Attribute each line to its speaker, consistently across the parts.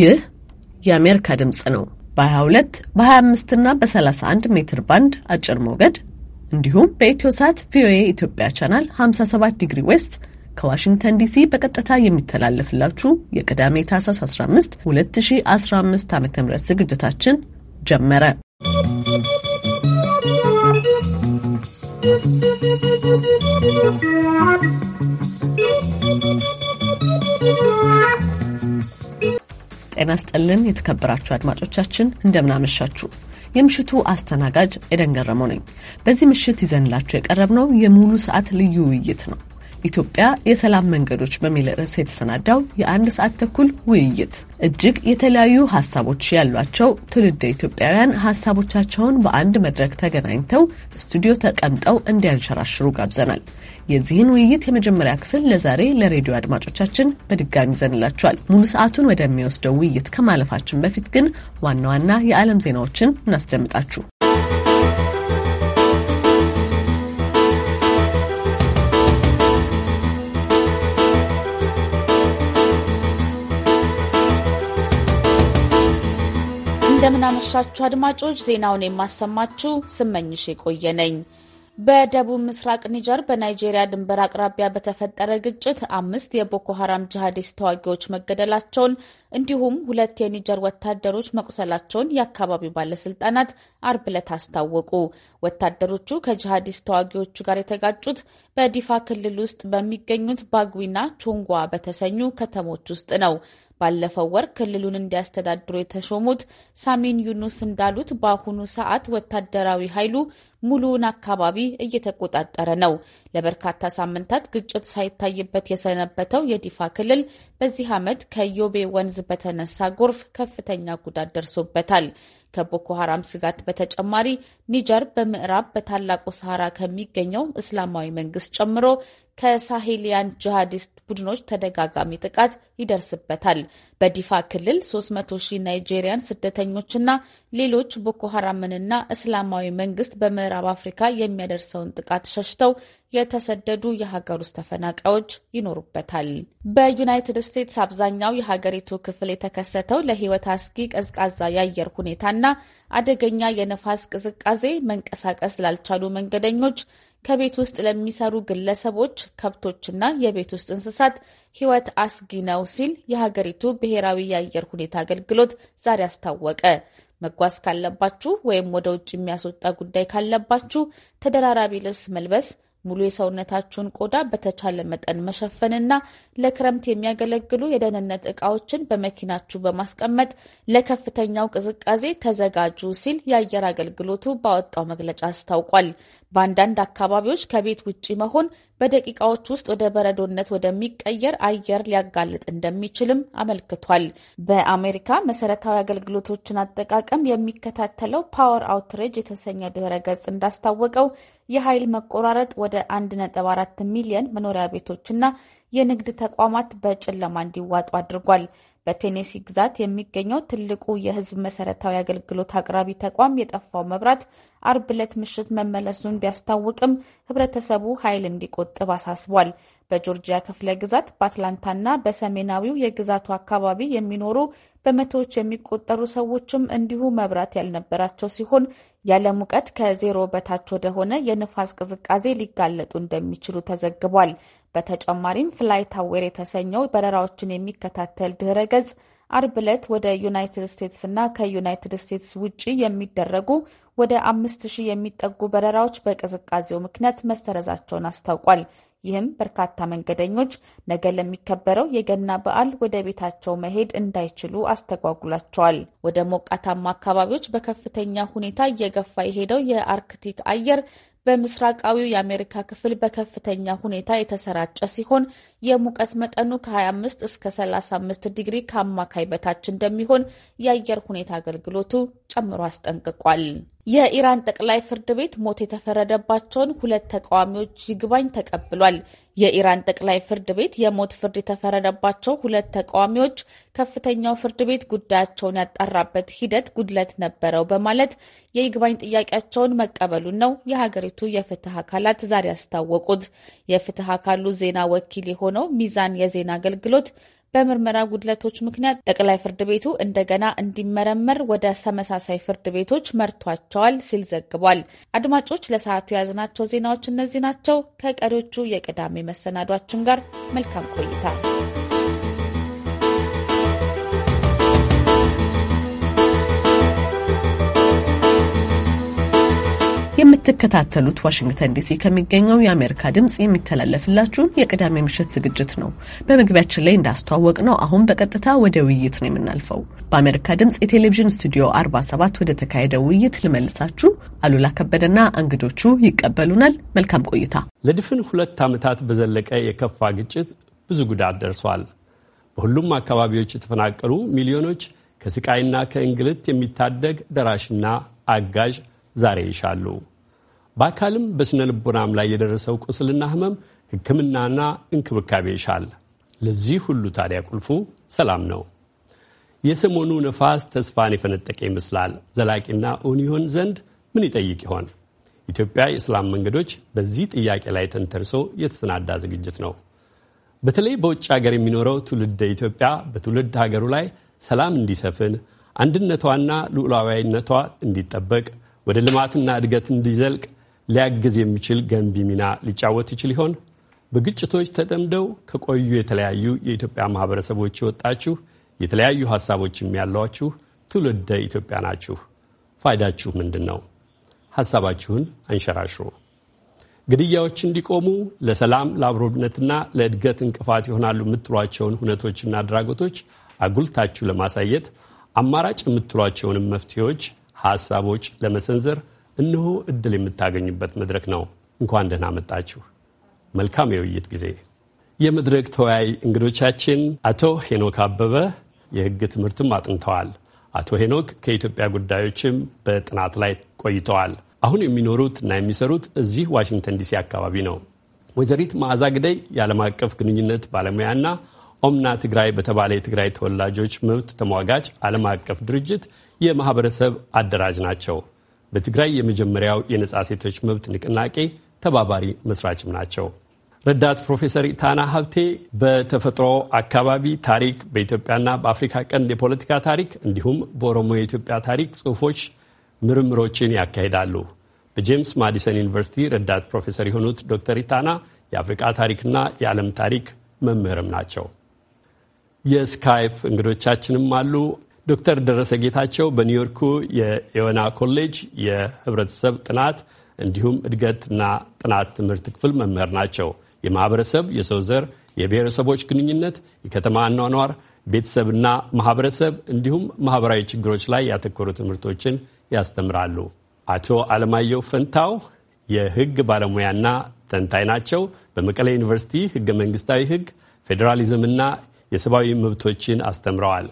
Speaker 1: ይህ የአሜሪካ ድምፅ ነው። በ22 በ25 እና በ31 ሜትር ባንድ አጭር ሞገድ እንዲሁም በኢትዮ ሳት ቪኦኤ ኢትዮጵያ ቻናል 57 ዲግሪ ዌስት ከዋሽንግተን ዲሲ በቀጥታ የሚተላለፍላችሁ የቅዳሜ ታህሳስ 15 2015 ዓ ም ዝግጅታችን ጀመረ። ጤና ስጠልን። የተከበራችሁ አድማጮቻችን እንደምናመሻችሁ። የምሽቱ አስተናጋጅ ኤደን ገረመው ነኝ። በዚህ ምሽት ይዘንላችሁ የቀረብነው የሙሉ ሰዓት ልዩ ውይይት ነው። ኢትዮጵያ የሰላም መንገዶች በሚል ርዕስ የተሰናዳው የአንድ ሰዓት ተኩል ውይይት እጅግ የተለያዩ ሀሳቦች ያሏቸው ትውልደ ኢትዮጵያውያን ሀሳቦቻቸውን በአንድ መድረክ ተገናኝተው ስቱዲዮ ተቀምጠው እንዲያንሸራሽሩ ጋብዘናል። የዚህን ውይይት የመጀመሪያ ክፍል ለዛሬ ለሬዲዮ አድማጮቻችን በድጋሚ ይዘንላችኋል። ሙሉ ሰዓቱን ወደሚወስደው ውይይት ከማለፋችን በፊት ግን ዋና ዋና የዓለም ዜናዎችን እናስደምጣችሁ።
Speaker 2: እንደምናመሻችሁ አድማጮች፣ ዜናውን የማሰማችሁ ስመኝሽ የቆየ ነኝ። በደቡብ ምስራቅ ኒጀር በናይጄሪያ ድንበር አቅራቢያ በተፈጠረ ግጭት አምስት የቦኮ ሀራም ጂሃዲስት ተዋጊዎች መገደላቸውን እንዲሁም ሁለት የኒጀር ወታደሮች መቁሰላቸውን የአካባቢው ባለስልጣናት አርብ ዕለት አስታወቁ። ወታደሮቹ ከጂሃዲስት ተዋጊዎቹ ጋር የተጋጩት በዲፋ ክልል ውስጥ በሚገኙት ባግዊና ቾንጓ በተሰኙ ከተሞች ውስጥ ነው። ባለፈው ወር ክልሉን እንዲያስተዳድሩ የተሾሙት ሳሚን ዩኑስ እንዳሉት በአሁኑ ሰዓት ወታደራዊ ኃይሉ ሙሉውን አካባቢ እየተቆጣጠረ ነው። ለበርካታ ሳምንታት ግጭት ሳይታይበት የሰነበተው የዲፋ ክልል በዚህ ዓመት ከዮቤ ወንዝ በተነሳ ጎርፍ ከፍተኛ ጉዳት ደርሶበታል። ከቦኮ ሀራም ስጋት በተጨማሪ ኒጀር በምዕራብ በታላቁ ሰሃራ ከሚገኘው እስላማዊ መንግስት ጨምሮ ከሳሄሊያን ጂሃዲስት ቡድኖች ተደጋጋሚ ጥቃት ይደርስበታል። በዲፋ ክልል 300 ሺህ ናይጄሪያን ስደተኞችና ሌሎች ቦኮ እስላማዊ መንግስት በምዕራብ አፍሪካ የሚያደርሰውን ጥቃት ሸሽተው የተሰደዱ የሀገር ውስጥ ተፈናቃዮች ይኖሩበታል። በዩናይትድ ስቴትስ አብዛኛው የሀገሪቱ ክፍል የተከሰተው ለህይወት አስጊ ቀዝቃዛ የአየር ሁኔታና አደገኛ የነፋስ ቅዝቃዜ መንቀሳቀስ ላልቻሉ መንገደኞች ከቤት ውስጥ ለሚሰሩ ግለሰቦች፣ ከብቶችና የቤት ውስጥ እንስሳት ሕይወት አስጊ ነው ሲል የሀገሪቱ ብሔራዊ የአየር ሁኔታ አገልግሎት ዛሬ አስታወቀ። መጓዝ ካለባችሁ ወይም ወደ ውጭ የሚያስወጣ ጉዳይ ካለባችሁ ተደራራቢ ልብስ መልበስ ሙሉ የሰውነታችሁን ቆዳ በተቻለ መጠን መሸፈንና ለክረምት የሚያገለግሉ የደህንነት እቃዎችን በመኪናችሁ በማስቀመጥ ለከፍተኛው ቅዝቃዜ ተዘጋጁ ሲል የአየር አገልግሎቱ ባወጣው መግለጫ አስታውቋል። በአንዳንድ አካባቢዎች ከቤት ውጭ መሆን በደቂቃዎች ውስጥ ወደ በረዶነት ወደሚቀየር አየር ሊያጋልጥ እንደሚችልም አመልክቷል። በአሜሪካ መሰረታዊ አገልግሎቶችን አጠቃቀም የሚከታተለው ፓወር አውትሬጅ የተሰኘ ድህረ ገጽ እንዳስታወቀው የኃይል መቆራረጥ ወደ 1.4 ሚሊዮን መኖሪያ ቤቶችና የንግድ ተቋማት በጨለማ እንዲዋጡ አድርጓል። በቴኔሲ ግዛት የሚገኘው ትልቁ የህዝብ መሰረታዊ አገልግሎት አቅራቢ ተቋም የጠፋው መብራት አርብ ዕለት ምሽት መመለሱን ቢያስታውቅም ህብረተሰቡ ኃይል እንዲቆጥብ አሳስቧል። በጆርጂያ ክፍለ ግዛት በአትላንታና በሰሜናዊው የግዛቱ አካባቢ የሚኖሩ በመቶዎች የሚቆጠሩ ሰዎችም እንዲሁ መብራት ያልነበራቸው ሲሆን ያለ ሙቀት ከዜሮ በታች ወደሆነ የንፋስ ቅዝቃዜ ሊጋለጡ እንደሚችሉ ተዘግቧል። በተጨማሪም ፍላይት አዌር የተሰኘው በረራዎችን የሚከታተል ድህረ ገጽ አርብ ዕለት ወደ ዩናይትድ ስቴትስ እና ከዩናይትድ ስቴትስ ውጭ የሚደረጉ ወደ አምስት ሺህ የሚጠጉ በረራዎች በቅዝቃዜው ምክንያት መሰረዛቸውን አስታውቋል። ይህም በርካታ መንገደኞች ነገ ለሚከበረው የገና በዓል ወደ ቤታቸው መሄድ እንዳይችሉ አስተጓጉሏቸዋል። ወደ ሞቃታማ አካባቢዎች በከፍተኛ ሁኔታ እየገፋ የሄደው የአርክቲክ አየር በምስራቃዊው የአሜሪካ ክፍል በከፍተኛ ሁኔታ የተሰራጨ ሲሆን የሙቀት መጠኑ ከ25 እስከ 35 ዲግሪ ከአማካይ በታች እንደሚሆን የአየር ሁኔታ አገልግሎቱ ጨምሮ አስጠንቅቋል። የኢራን ጠቅላይ ፍርድ ቤት ሞት የተፈረደባቸውን ሁለት ተቃዋሚዎች ይግባኝ ተቀብሏል። የኢራን ጠቅላይ ፍርድ ቤት የሞት ፍርድ የተፈረደባቸው ሁለት ተቃዋሚዎች ከፍተኛው ፍርድ ቤት ጉዳያቸውን ያጣራበት ሂደት ጉድለት ነበረው በማለት የይግባኝ ጥያቄያቸውን መቀበሉን ነው የሀገሪቱ የፍትህ አካላት ዛሬ ያስታወቁት። የፍትህ አካሉ ዜና ወኪል የሆነው ሚዛን የዜና አገልግሎት በምርመራ ጉድለቶች ምክንያት ጠቅላይ ፍርድ ቤቱ እንደገና እንዲመረመር ወደ ተመሳሳይ ፍርድ ቤቶች መርቷቸዋል ሲል ዘግቧል። አድማጮች ለሰዓቱ የያዝናቸው ዜናዎች እነዚህ ናቸው። ከቀሪዎቹ የቅዳሜ መሰናዷችን ጋር መልካም ቆይታ
Speaker 1: የምትከታተሉት ዋሽንግተን ዲሲ ከሚገኘው የአሜሪካ ድምፅ የሚተላለፍላችሁን የቅዳሜ ምሽት ዝግጅት ነው። በመግቢያችን ላይ እንዳስተዋወቅ ነው አሁን በቀጥታ ወደ ውይይት ነው የምናልፈው። በአሜሪካ ድምፅ የቴሌቪዥን ስቱዲዮ 47 ወደ ተካሄደው ውይይት ልመልሳችሁ። አሉላ ከበደና እንግዶቹ ይቀበሉናል። መልካም ቆይታ።
Speaker 3: ለድፍን ሁለት ዓመታት በዘለቀ የከፋ ግጭት ብዙ ጉዳት ደርሷል። በሁሉም አካባቢዎች የተፈናቀሉ ሚሊዮኖች ከስቃይና ከእንግልት የሚታደግ ደራሽና አጋዥ ዛሬ ይሻሉ። በአካልም በስነ ልቦናም ላይ የደረሰው ቁስልና ህመም ሕክምናና እንክብካቤ ይሻል። ለዚህ ሁሉ ታዲያ ቁልፉ ሰላም ነው። የሰሞኑ ነፋስ ተስፋን የፈነጠቀ ይመስላል። ዘላቂና እውን ይሆን ዘንድ ምን ይጠይቅ ይሆን? ኢትዮጵያ የሰላም መንገዶች በዚህ ጥያቄ ላይ ተንተርሶ የተሰናዳ ዝግጅት ነው። በተለይ በውጭ ሀገር የሚኖረው ትውልደ ኢትዮጵያ በትውልድ ሀገሩ ላይ ሰላም እንዲሰፍን፣ አንድነቷና ሉዓላዊነቷ እንዲጠበቅ፣ ወደ ልማትና እድገት እንዲዘልቅ ሊያግዝ የሚችል ገንቢ ሚና ሊጫወት ይችል ይሆን? በግጭቶች ተጠምደው ከቆዩ የተለያዩ የኢትዮጵያ ማህበረሰቦች የወጣችሁ የተለያዩ ሀሳቦችም ያሏችሁ ትውልደ ኢትዮጵያ ናችሁ። ፋይዳችሁ ምንድን ነው? ሀሳባችሁን አንሸራሽሩ። ግድያዎች እንዲቆሙ ለሰላም ለአብሮነትና ለእድገት እንቅፋት ይሆናሉ የምትሏቸውን ሁነቶችና አድራጎቶች አጉልታችሁ ለማሳየት አማራጭ የምትሏቸውንም መፍትሄዎች፣ ሀሳቦች ለመሰንዘር እነሆ እድል የምታገኙበት መድረክ ነው። እንኳን ደህና መጣችሁ። መልካም የውይይት ጊዜ። የመድረክ ተወያይ እንግዶቻችን አቶ ሄኖክ አበበ የህግ ትምህርትም አጥንተዋል። አቶ ሄኖክ ከኢትዮጵያ ጉዳዮችም በጥናት ላይ ቆይተዋል። አሁን የሚኖሩት እና የሚሰሩት እዚህ ዋሽንግተን ዲሲ አካባቢ ነው። ወይዘሪት መዓዛ ግደይ የዓለም አቀፍ ግንኙነት ባለሙያና ኦምና ትግራይ በተባለ የትግራይ ተወላጆች መብት ተሟጋች ዓለም አቀፍ ድርጅት የማህበረሰብ አደራጅ ናቸው። በትግራይ የመጀመሪያው የነጻ ሴቶች መብት ንቅናቄ ተባባሪ መስራችም ናቸው። ረዳት ፕሮፌሰር ኢታና ሀብቴ በተፈጥሮ አካባቢ ታሪክ በኢትዮጵያና በአፍሪካ ቀንድ የፖለቲካ ታሪክ እንዲሁም በኦሮሞ የኢትዮጵያ ታሪክ ጽሁፎች ምርምሮችን ያካሂዳሉ። በጄምስ ማዲሰን ዩኒቨርሲቲ ረዳት ፕሮፌሰር የሆኑት ዶክተር ኢታና የአፍሪቃ ታሪክና የዓለም ታሪክ መምህርም ናቸው። የስካይፕ እንግዶቻችንም አሉ። ዶክተር ደረሰ ጌታቸው በኒውዮርኩ የኤዮና ኮሌጅ የህብረተሰብ ጥናት እንዲሁም እድገትና ጥናት ትምህርት ክፍል መምህር ናቸው። የማህበረሰብ የሰው ዘር፣ የብሔረሰቦች ግንኙነት፣ የከተማ አኗኗር፣ ቤተሰብና ማህበረሰብ እንዲሁም ማህበራዊ ችግሮች ላይ ያተኮሩ ትምህርቶችን ያስተምራሉ። አቶ አለማየሁ ፈንታው የህግ ባለሙያና ተንታኝ ናቸው። በመቀሌ ዩኒቨርሲቲ ህገ መንግስታዊ ህግ፣ ፌዴራሊዝምና የሰብአዊ መብቶችን አስተምረዋል።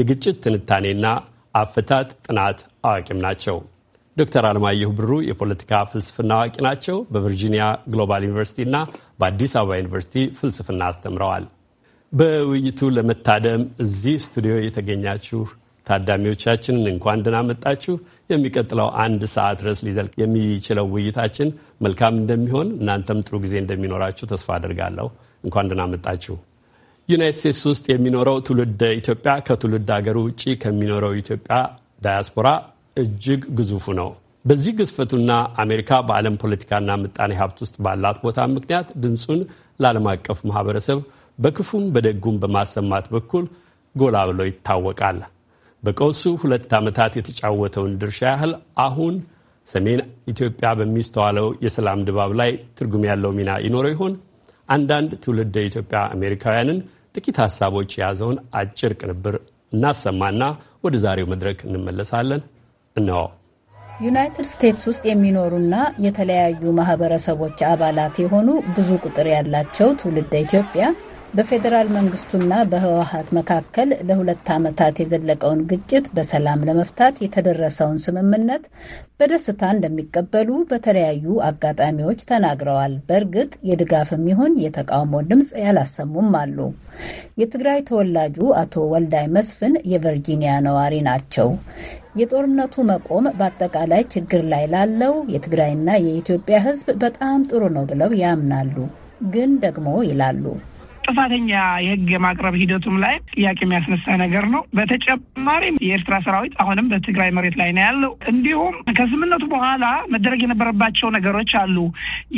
Speaker 3: የግጭት ትንታኔና አፈታት ጥናት አዋቂም ናቸው። ዶክተር አለማየሁ ብሩ የፖለቲካ ፍልስፍና አዋቂ ናቸው። በቨርጂኒያ ግሎባል ዩኒቨርሲቲ እና በአዲስ አበባ ዩኒቨርሲቲ ፍልስፍና አስተምረዋል። በውይይቱ ለመታደም እዚህ ስቱዲዮ የተገኛችሁ ታዳሚዎቻችንን እንኳን ደህና መጣችሁ። የሚቀጥለው አንድ ሰዓት ድረስ ሊዘልቅ የሚችለው ውይይታችን መልካም እንደሚሆን እናንተም ጥሩ ጊዜ እንደሚኖራችሁ ተስፋ አድርጋለሁ። እንኳን ደህና መጣችሁ። ዩናይት ስቴትስ ውስጥ የሚኖረው ትውልድ ኢትዮጵያ ከትውልድ ሀገር ውጭ ከሚኖረው ኢትዮጵያ ዳያስፖራ እጅግ ግዙፉ ነው። በዚህ ግዝፈቱና አሜሪካ በዓለም ፖለቲካና ምጣኔ ሀብት ውስጥ ባላት ቦታ ምክንያት ድምፁን ለዓለም አቀፍ ማህበረሰብ በክፉም በደጉም በማሰማት በኩል ጎላ ብሎ ይታወቃል። በቀውሱ ሁለት ዓመታት የተጫወተውን ድርሻ ያህል አሁን ሰሜን ኢትዮጵያ በሚስተዋለው የሰላም ድባብ ላይ ትርጉም ያለው ሚና ይኖረው ይሆን? አንዳንድ ትውልደ ኢትዮጵያ አሜሪካውያንን ጥቂት ሀሳቦች የያዘውን አጭር ቅንብር እናሰማና ወደ ዛሬው መድረክ እንመለሳለን። እነሆ።
Speaker 4: ዩናይትድ ስቴትስ ውስጥ የሚኖሩና የተለያዩ ማህበረሰቦች አባላት የሆኑ ብዙ ቁጥር ያላቸው ትውልደ ኢትዮጵያ በፌዴራል መንግስቱና በህወሀት መካከል ለሁለት ዓመታት የዘለቀውን ግጭት በሰላም ለመፍታት የተደረሰውን ስምምነት በደስታ እንደሚቀበሉ በተለያዩ አጋጣሚዎች ተናግረዋል። በእርግጥ የድጋፍም ይሁን የተቃውሞ ድምፅ ያላሰሙም አሉ። የትግራይ ተወላጁ አቶ ወልዳይ መስፍን የቨርጂኒያ ነዋሪ ናቸው። የጦርነቱ መቆም በአጠቃላይ ችግር ላይ ላለው የትግራይና የኢትዮጵያ ሕዝብ በጣም ጥሩ ነው ብለው ያምናሉ። ግን ደግሞ ይላሉ
Speaker 5: ጥፋተኛ የህግ የማቅረብ ሂደቱም ላይ ጥያቄ የሚያስነሳ ነገር ነው። በተጨማሪም የኤርትራ ሰራዊት አሁንም በትግራይ መሬት ላይ ነው ያለው። እንዲሁም ከስምምነቱ በኋላ መደረግ የነበረባቸው ነገሮች አሉ።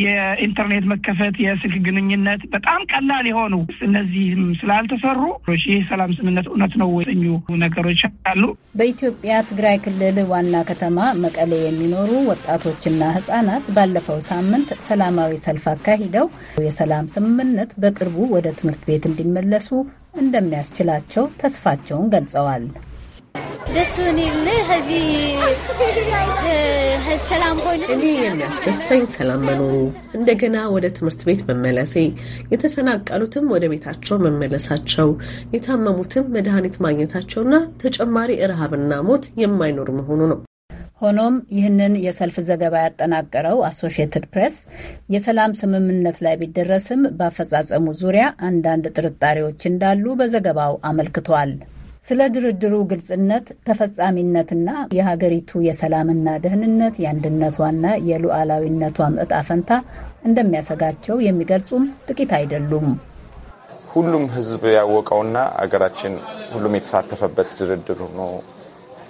Speaker 5: የኢንተርኔት መከፈት፣ የስልክ ግንኙነት በጣም ቀላል የሆኑ እነዚህም ስላልተሰሩ ይህ ሰላም ስምምነት እውነት ነው የተኙ ነገሮች አሉ።
Speaker 4: በኢትዮጵያ ትግራይ ክልል ዋና ከተማ መቀሌ የሚኖሩ ወጣቶችና ህጻናት ባለፈው ሳምንት ሰላማዊ ሰልፍ አካሂደው የሰላም ስምምነት በቅርቡ ወደ ትምህርት ቤት እንዲመለሱ እንደሚያስችላቸው ተስፋቸውን
Speaker 1: ገልጸዋል።
Speaker 6: ደስ እኔ ዚ
Speaker 1: ሰላም እኔ የሚያስደስተኝ ሰላም መኖሩ፣ እንደገና ወደ ትምህርት ቤት መመለሴ፣ የተፈናቀሉትም ወደ ቤታቸው መመለሳቸው፣ የታመሙትም መድኃኒት ማግኘታቸውና ተጨማሪ ረሃብና ሞት የማይኖር መሆኑ ነው። ሆኖም ይህንን
Speaker 4: የሰልፍ ዘገባ ያጠናቀረው አሶሺየትድ ፕሬስ የሰላም ስምምነት ላይ ቢደረስም በአፈጻጸሙ ዙሪያ አንዳንድ ጥርጣሬዎች እንዳሉ በዘገባው አመልክቷል። ስለ ድርድሩ ግልጽነት፣ ተፈጻሚነትና የሀገሪቱ የሰላምና ደህንነት የአንድነቷና የሉዓላዊነቷም እጣ ፈንታ እንደሚያሰጋቸው የሚገልጹም ጥቂት አይደሉም።
Speaker 7: ሁሉም ሕዝብ ያወቀውና አገራችን ሁሉም የተሳተፈበት ድርድር ነው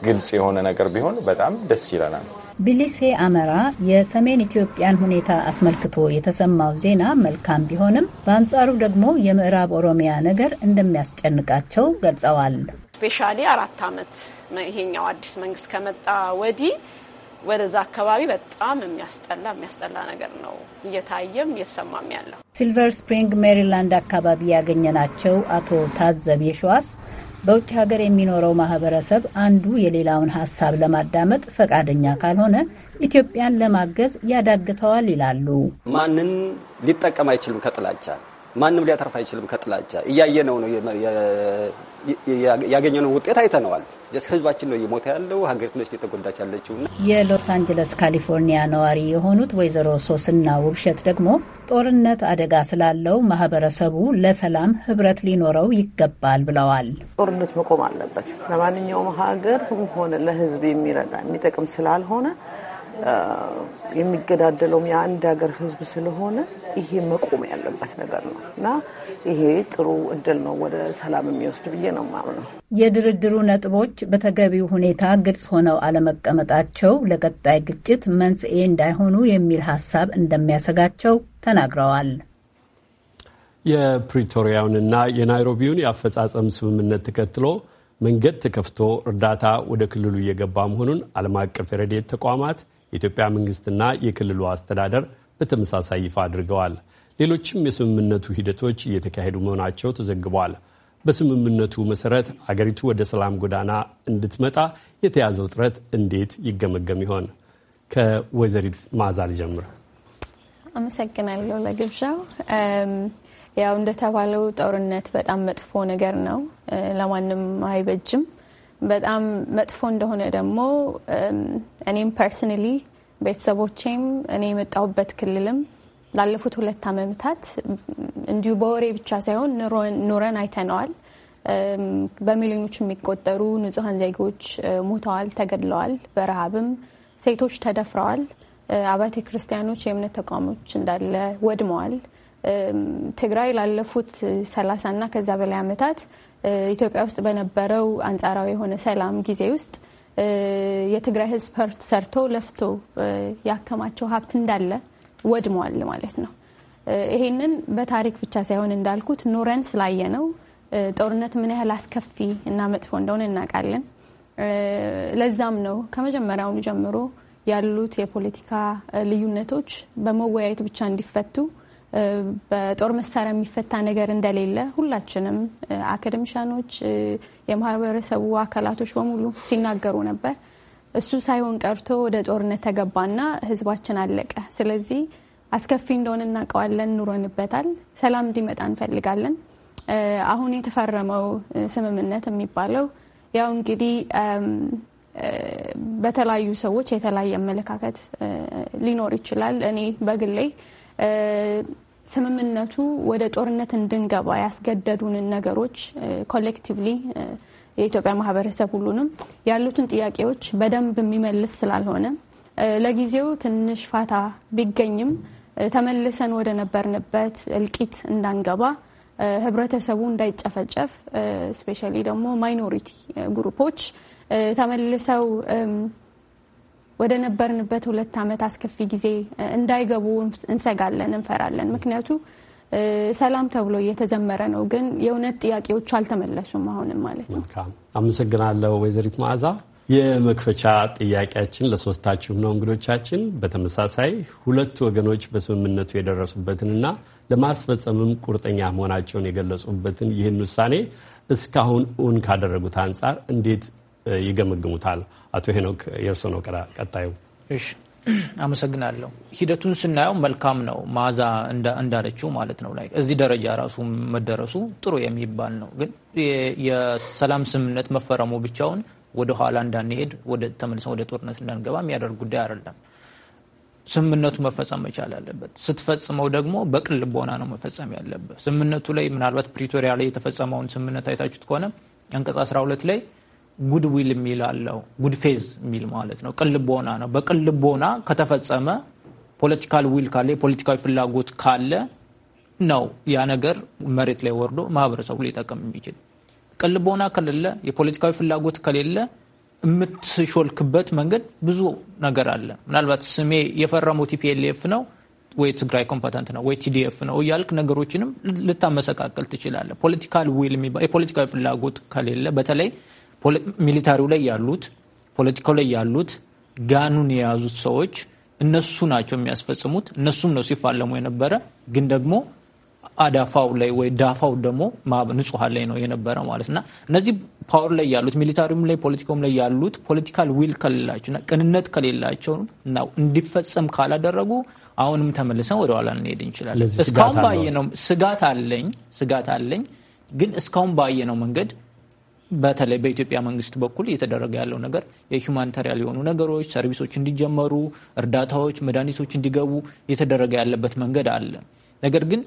Speaker 7: ግልጽ የሆነ ነገር ቢሆን በጣም ደስ ይለናል።
Speaker 4: ቢሊሴ አመራ የሰሜን ኢትዮጵያን ሁኔታ አስመልክቶ የተሰማው ዜና መልካም ቢሆንም በአንጻሩ ደግሞ የምዕራብ ኦሮሚያ ነገር እንደሚያስጨንቃቸው ገልጸዋል።
Speaker 1: ስፔሻሊ አራት ዓመት ይሄኛው አዲስ መንግስት ከመጣ ወዲህ ወደዛ አካባቢ በጣም የሚያስጠላ የሚያስጠላ ነገር ነው እየታየም እየተሰማም ያለው።
Speaker 4: ሲልቨር ስፕሪንግ ሜሪላንድ አካባቢ ያገኘናቸው አቶ ታዘብ የሸዋስ በውጭ ሀገር የሚኖረው ማህበረሰብ አንዱ የሌላውን ሀሳብ ለማዳመጥ ፈቃደኛ ካልሆነ ኢትዮጵያን ለማገዝ ያዳግተዋል ይላሉ።
Speaker 3: ማንን ሊጠቀም አይችልም ከጥላቻ
Speaker 8: ማንም ሊያተርፍ አይችልም ከጥላቻ። እያየ ነው ነው ያገኘነው ውጤት አይተነዋል። ህዝባችን ነው እየሞተ ያለው፣ ሀገሪቱ ነች እየተጎዳች ያለችው።
Speaker 4: የሎስ አንጀለስ ካሊፎርኒያ ነዋሪ የሆኑት ወይዘሮ ሶስና ውብሸት ደግሞ ጦርነት አደጋ ስላለው ማህበረሰቡ ለሰላም ህብረት ሊኖረው ይገባል ብለዋል። ጦርነት መቆም አለበት።
Speaker 1: ለማንኛውም ሀገርም ሆነ ለህዝብ የሚረዳ የሚጠቅም ስላልሆነ የሚገዳደለውም የአንድ ሀገር ህዝብ ስለሆነ ይሄ መቆም ያለበት ነገር ነው እና ይሄ ጥሩ እድል ነው ወደ ሰላም የሚወስድ ብዬ ነው የማምነው።
Speaker 4: የድርድሩ ነጥቦች በተገቢው ሁኔታ ግልጽ ሆነው አለመቀመጣቸው ለቀጣይ ግጭት መንስኤ እንዳይሆኑ የሚል ሀሳብ እንደሚያሰጋቸው ተናግረዋል።
Speaker 3: የፕሪቶሪያውንና የናይሮቢውን የአፈጻጸም ስምምነት ተከትሎ መንገድ ተከፍቶ እርዳታ ወደ ክልሉ እየገባ መሆኑን ዓለም አቀፍ የረድኤት ተቋማት የኢትዮጵያ መንግስትና የክልሉ አስተዳደር በተመሳሳይ ይፋ አድርገዋል። ሌሎችም የስምምነቱ ሂደቶች እየተካሄዱ መሆናቸው ተዘግቧል። በስምምነቱ መሰረት አገሪቱ ወደ ሰላም ጎዳና እንድትመጣ የተያዘው ጥረት እንዴት ይገመገም ይሆን? ከወይዘሪት ማዛል ጀምር
Speaker 6: አመሰግናለሁ ለግብዣው። ያው እንደተባለው ጦርነት በጣም መጥፎ ነገር ነው፣ ለማንም አይበጅም። በጣም መጥፎ እንደሆነ ደግሞ እኔም ፐርሰናሊ ቤተሰቦቼም እኔ የመጣሁበት ክልልም ላለፉት ሁለት አመታት እንዲሁ በወሬ ብቻ ሳይሆን ኑረን አይተነዋል። በሚሊዮኖች የሚቆጠሩ ንጹሐን ዜጎች ሞተዋል፣ ተገድለዋል፣ በረሃብም ሴቶች ተደፍረዋል፣ አብያተ ክርስቲያኖች፣ የእምነት ተቋሞች እንዳለ ወድመዋል። ትግራይ ላለፉት ሰላሳና ከዛ በላይ አመታት። ኢትዮጵያ ውስጥ በነበረው አንጻራዊ የሆነ ሰላም ጊዜ ውስጥ የትግራይ ህዝብ ሰርቶ ለፍቶ ያከማቸው ሀብት እንዳለ ወድመዋል ማለት ነው። ይሄንን በታሪክ ብቻ ሳይሆን እንዳልኩት ኖረን ስላየ ነው። ጦርነት ምን ያህል አስከፊ እና መጥፎ እንደሆነ እናውቃለን። ለዛም ነው ከመጀመሪያውኑ ጀምሮ ያሉት የፖለቲካ ልዩነቶች በመወያየት ብቻ እንዲፈቱ በጦር መሳሪያ የሚፈታ ነገር እንደሌለ ሁላችንም አካደሚሻኖች፣ የማህበረሰቡ አካላቶች በሙሉ ሲናገሩ ነበር። እሱ ሳይሆን ቀርቶ ወደ ጦርነት ተገባና ህዝባችን አለቀ። ስለዚህ አስከፊ እንደሆነ እናውቀዋለን፣ ኑረንበታል። ሰላም እንዲመጣ እንፈልጋለን። አሁን የተፈረመው ስምምነት የሚባለው ያው እንግዲህ በተለያዩ ሰዎች የተለያየ አመለካከት ሊኖር ይችላል። እኔ በግሌ ስምምነቱ ወደ ጦርነት እንድንገባ ያስገደዱንን ነገሮች ኮሌክቲቭሊ የኢትዮጵያ ማህበረሰብ ሁሉንም ያሉትን ጥያቄዎች በደንብ የሚመልስ ስላልሆነ ለጊዜው ትንሽ ፋታ ቢገኝም ተመልሰን ወደ ነበርንበት እልቂት እንዳንገባ ህብረተሰቡ እንዳይጨፈጨፍ ስፔሻሊ ደግሞ ማይኖሪቲ ግሩፖች ተመልሰው ወደ ነበርንበት ሁለት ዓመት አስከፊ ጊዜ እንዳይገቡ እንሰጋለን፣ እንፈራለን። ምክንያቱ ሰላም ተብሎ እየተዘመረ ነው፣ ግን የእውነት ጥያቄዎቹ አልተመለሱም። አሁንም ማለት ነው።
Speaker 3: አመሰግናለሁ ወይዘሪት መዓዛ። የመክፈቻ ጥያቄያችን ለሶስታችሁም ነው እንግዶቻችን። በተመሳሳይ ሁለቱ ወገኖች በስምምነቱ የደረሱበትንና ለማስፈጸምም ቁርጠኛ መሆናቸውን የገለጹበትን ይህን ውሳኔ እስካሁን እውን ካደረጉት አንጻር እንዴት ይገመግሙታል? አቶ ሄኖክ የእርሶ ነው ቀጣዩ። እሺ
Speaker 8: አመሰግናለሁ። ሂደቱን ስናየው መልካም ነው። ማዛ እንዳለችው ማለት ነው ላይ እዚህ ደረጃ ራሱ መደረሱ ጥሩ የሚባል ነው። ግን የሰላም ስምምነት መፈረሙ ብቻውን ወደ ኋላ እንዳንሄድ ወደ ተመልሰን ወደ ጦርነት እንዳንገባ የሚያደርግ ጉዳይ አይደለም። ስምምነቱ መፈጸም መቻል አለበት። ስትፈጽመው ደግሞ በቅን ልቦና ነው መፈጸም ያለበት። ስምምነቱ ላይ ምናልባት ፕሪቶሪያ ላይ የተፈጸመውን ስምምነት አይታችሁት ከሆነ አንቀጽ 12 ላይ ጉድ ዊል የሚል አለው። ጉድ ፌዝ የሚል ማለት ነው። ቅልቦና ነው። በቅልቦና ከተፈጸመ ፖለቲካል ዊል ካለ የፖለቲካዊ ፍላጎት ካለ ነው ያ ነገር መሬት ላይ ወርዶ ማህበረሰቡ ሊጠቀም የሚችል። ቅልቦና ከሌለ፣ የፖለቲካዊ ፍላጎት ከሌለ የምትሾልክበት መንገድ ብዙ ነገር አለ። ምናልባት ስሜ የፈረመው ቲፒኤልኤፍ ነው ወይ ትግራይ ኮምፓታንት ነው ወይ ቲዲኤፍ ነው እያልክ ነገሮችንም ልታመሰቃቀል ትችላለህ። ፖለቲካል ዊል የፖለቲካዊ ፍላጎት ከሌለ በተለይ ሚሊታሪው ላይ ያሉት ፖለቲካው ላይ ያሉት ጋኑን የያዙት ሰዎች እነሱ ናቸው የሚያስፈጽሙት። እነሱም ነው ሲፋለሙ የነበረ ግን ደግሞ አዳፋው ላይ ወይ ዳፋው ደግሞ ንጹሐን ላይ ነው የነበረ ማለት እና እነዚህ ፓወር ላይ ያሉት ሚሊታሪም ላይ ፖለቲካውም ላይ ያሉት ፖለቲካል ዊል ከሌላቸው እና ቅንነት ከሌላቸው እና እንዲፈጸም ካላደረጉ አሁንም ተመልሰን ወደኋላ ንሄድ እንችላለን። እስካሁን ባየነው ስጋት አለኝ ስጋት አለኝ ግን እስካሁን ባየነው መንገድ በተለይ በኢትዮጵያ መንግስት በኩል እየተደረገ ያለው ነገር የሁማኒታሪያን የሆኑ ነገሮች፣ ሰርቪሶች እንዲጀመሩ፣ እርዳታዎች፣ መድኃኒቶች እንዲገቡ እየተደረገ ያለበት መንገድ አለ። ነገር ግን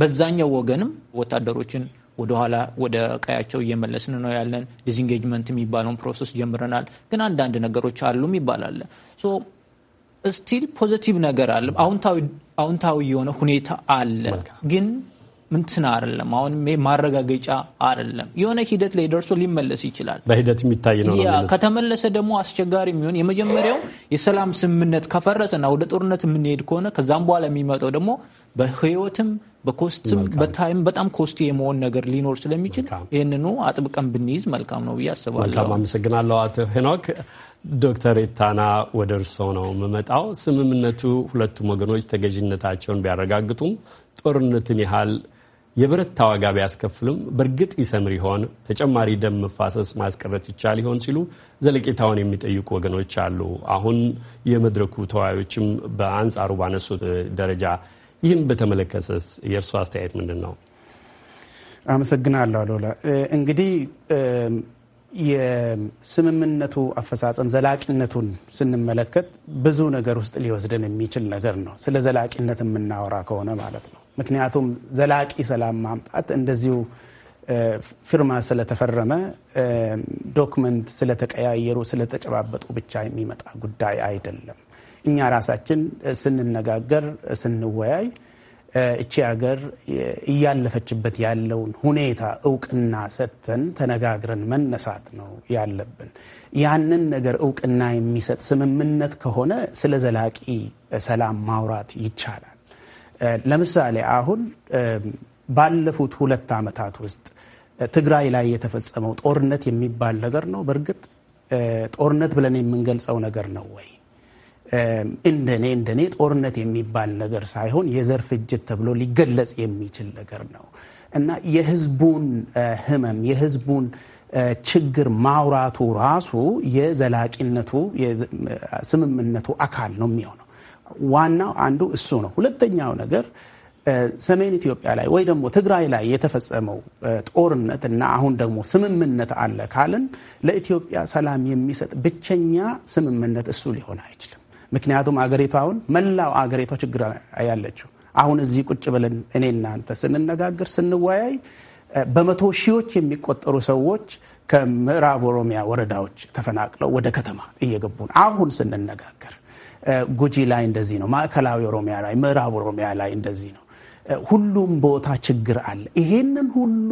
Speaker 8: በዛኛው ወገንም ወታደሮችን ወደኋላ ወደ ቀያቸው እየመለስን ነው ያለን። ዲዝንጌጅመንት የሚባለውን ፕሮሰስ ጀምረናል። ግን አንዳንድ ነገሮች አሉም ይባላል። ስቲል ፖዘቲቭ ነገር አለ። አዎንታዊ የሆነ ሁኔታ አለ ግን ምንትን አይደለም። አሁን ማረጋገጫ አይደለም። የሆነ ሂደት ላይ ደርሶ ሊመለስ ይችላል።
Speaker 3: በሂደት የሚታይ ነው።
Speaker 8: ከተመለሰ ደግሞ አስቸጋሪ የሚሆን የመጀመሪያው የሰላም ስምምነት ከፈረሰና ወደ ጦርነት የምንሄድ ከሆነ ከዛም በኋላ የሚመጣው ደግሞ በህይወትም በኮስትም በታይም በጣም ኮስት የመሆን ነገር ሊኖር ስለሚችል ይህንኑ አጥብቀን ብንይዝ መልካም ነው ብዬ አስባለሁ።
Speaker 3: አመሰግናለሁ። አቶ ሄኖክ ዶክተር ኢታና ወደ እርስዎ ነው የምመጣው። ስምምነቱ ሁለቱም ወገኖች ተገዥነታቸውን ቢያረጋግጡም ጦርነትን ያህል የብረት ታዋጋ ቢያስከፍልም በእርግጥ ይሰምር ይሆን? ተጨማሪ ደም መፋሰስ ማስቀረት ይቻል ይሆን? ሲሉ ዘለቄታውን የሚጠይቁ ወገኖች አሉ። አሁን የመድረኩ ተወያዮችም በአንጻሩ ባነሱት ደረጃ ይህም በተመለከተስ የእርሱ አስተያየት ምንድን ነው?
Speaker 9: አመሰግናለሁ አሎላ እንግዲህ የስምምነቱ አፈጻጸም ዘላቂነቱን ስንመለከት ብዙ ነገር ውስጥ ሊወስደን የሚችል ነገር ነው። ስለ ዘላቂነት የምናወራ ከሆነ ማለት ነው ምክንያቱም ዘላቂ ሰላም ማምጣት እንደዚሁ ፊርማ ስለተፈረመ ዶክመንት ስለተቀያየሩ ስለተጨባበጡ ብቻ የሚመጣ ጉዳይ አይደለም። እኛ ራሳችን ስንነጋገር፣ ስንወያይ እቺ ሀገር እያለፈችበት ያለውን ሁኔታ እውቅና ሰጥተን ተነጋግረን መነሳት ነው ያለብን። ያንን ነገር እውቅና የሚሰጥ ስምምነት ከሆነ ስለ ዘላቂ ሰላም ማውራት ይቻላል። ለምሳሌ አሁን ባለፉት ሁለት ዓመታት ውስጥ ትግራይ ላይ የተፈጸመው ጦርነት የሚባል ነገር ነው። በእርግጥ ጦርነት ብለን የምንገልጸው ነገር ነው ወይ? እንደኔ እንደኔ ጦርነት የሚባል ነገር ሳይሆን የዘር ፍጅት ተብሎ ሊገለጽ የሚችል ነገር ነው እና የህዝቡን ህመም የህዝቡን ችግር ማውራቱ ራሱ የዘላቂነቱ ስምምነቱ አካል ነው የሚሆነው። ዋናው አንዱ እሱ ነው። ሁለተኛው ነገር ሰሜን ኢትዮጵያ ላይ ወይ ደግሞ ትግራይ ላይ የተፈጸመው ጦርነት እና አሁን ደግሞ ስምምነት አለ ካልን ለኢትዮጵያ ሰላም የሚሰጥ ብቸኛ ስምምነት እሱ ሊሆን አይችልም። ምክንያቱም አገሪቷ አሁን መላው አገሪቷ ችግር ያለችው አሁን እዚህ ቁጭ ብለን እኔ እናንተ ስንነጋገር ስንወያይ በመቶ ሺዎች የሚቆጠሩ ሰዎች ከምዕራብ ኦሮሚያ ወረዳዎች ተፈናቅለው ወደ ከተማ እየገቡ ነው አሁን ስንነጋገር ጉጂ ላይ እንደዚህ ነው፣ ማዕከላዊ ኦሮሚያ ላይ፣ ምዕራብ ኦሮሚያ ላይ እንደዚህ ነው። ሁሉም ቦታ ችግር አለ። ይሄንን ሁሉ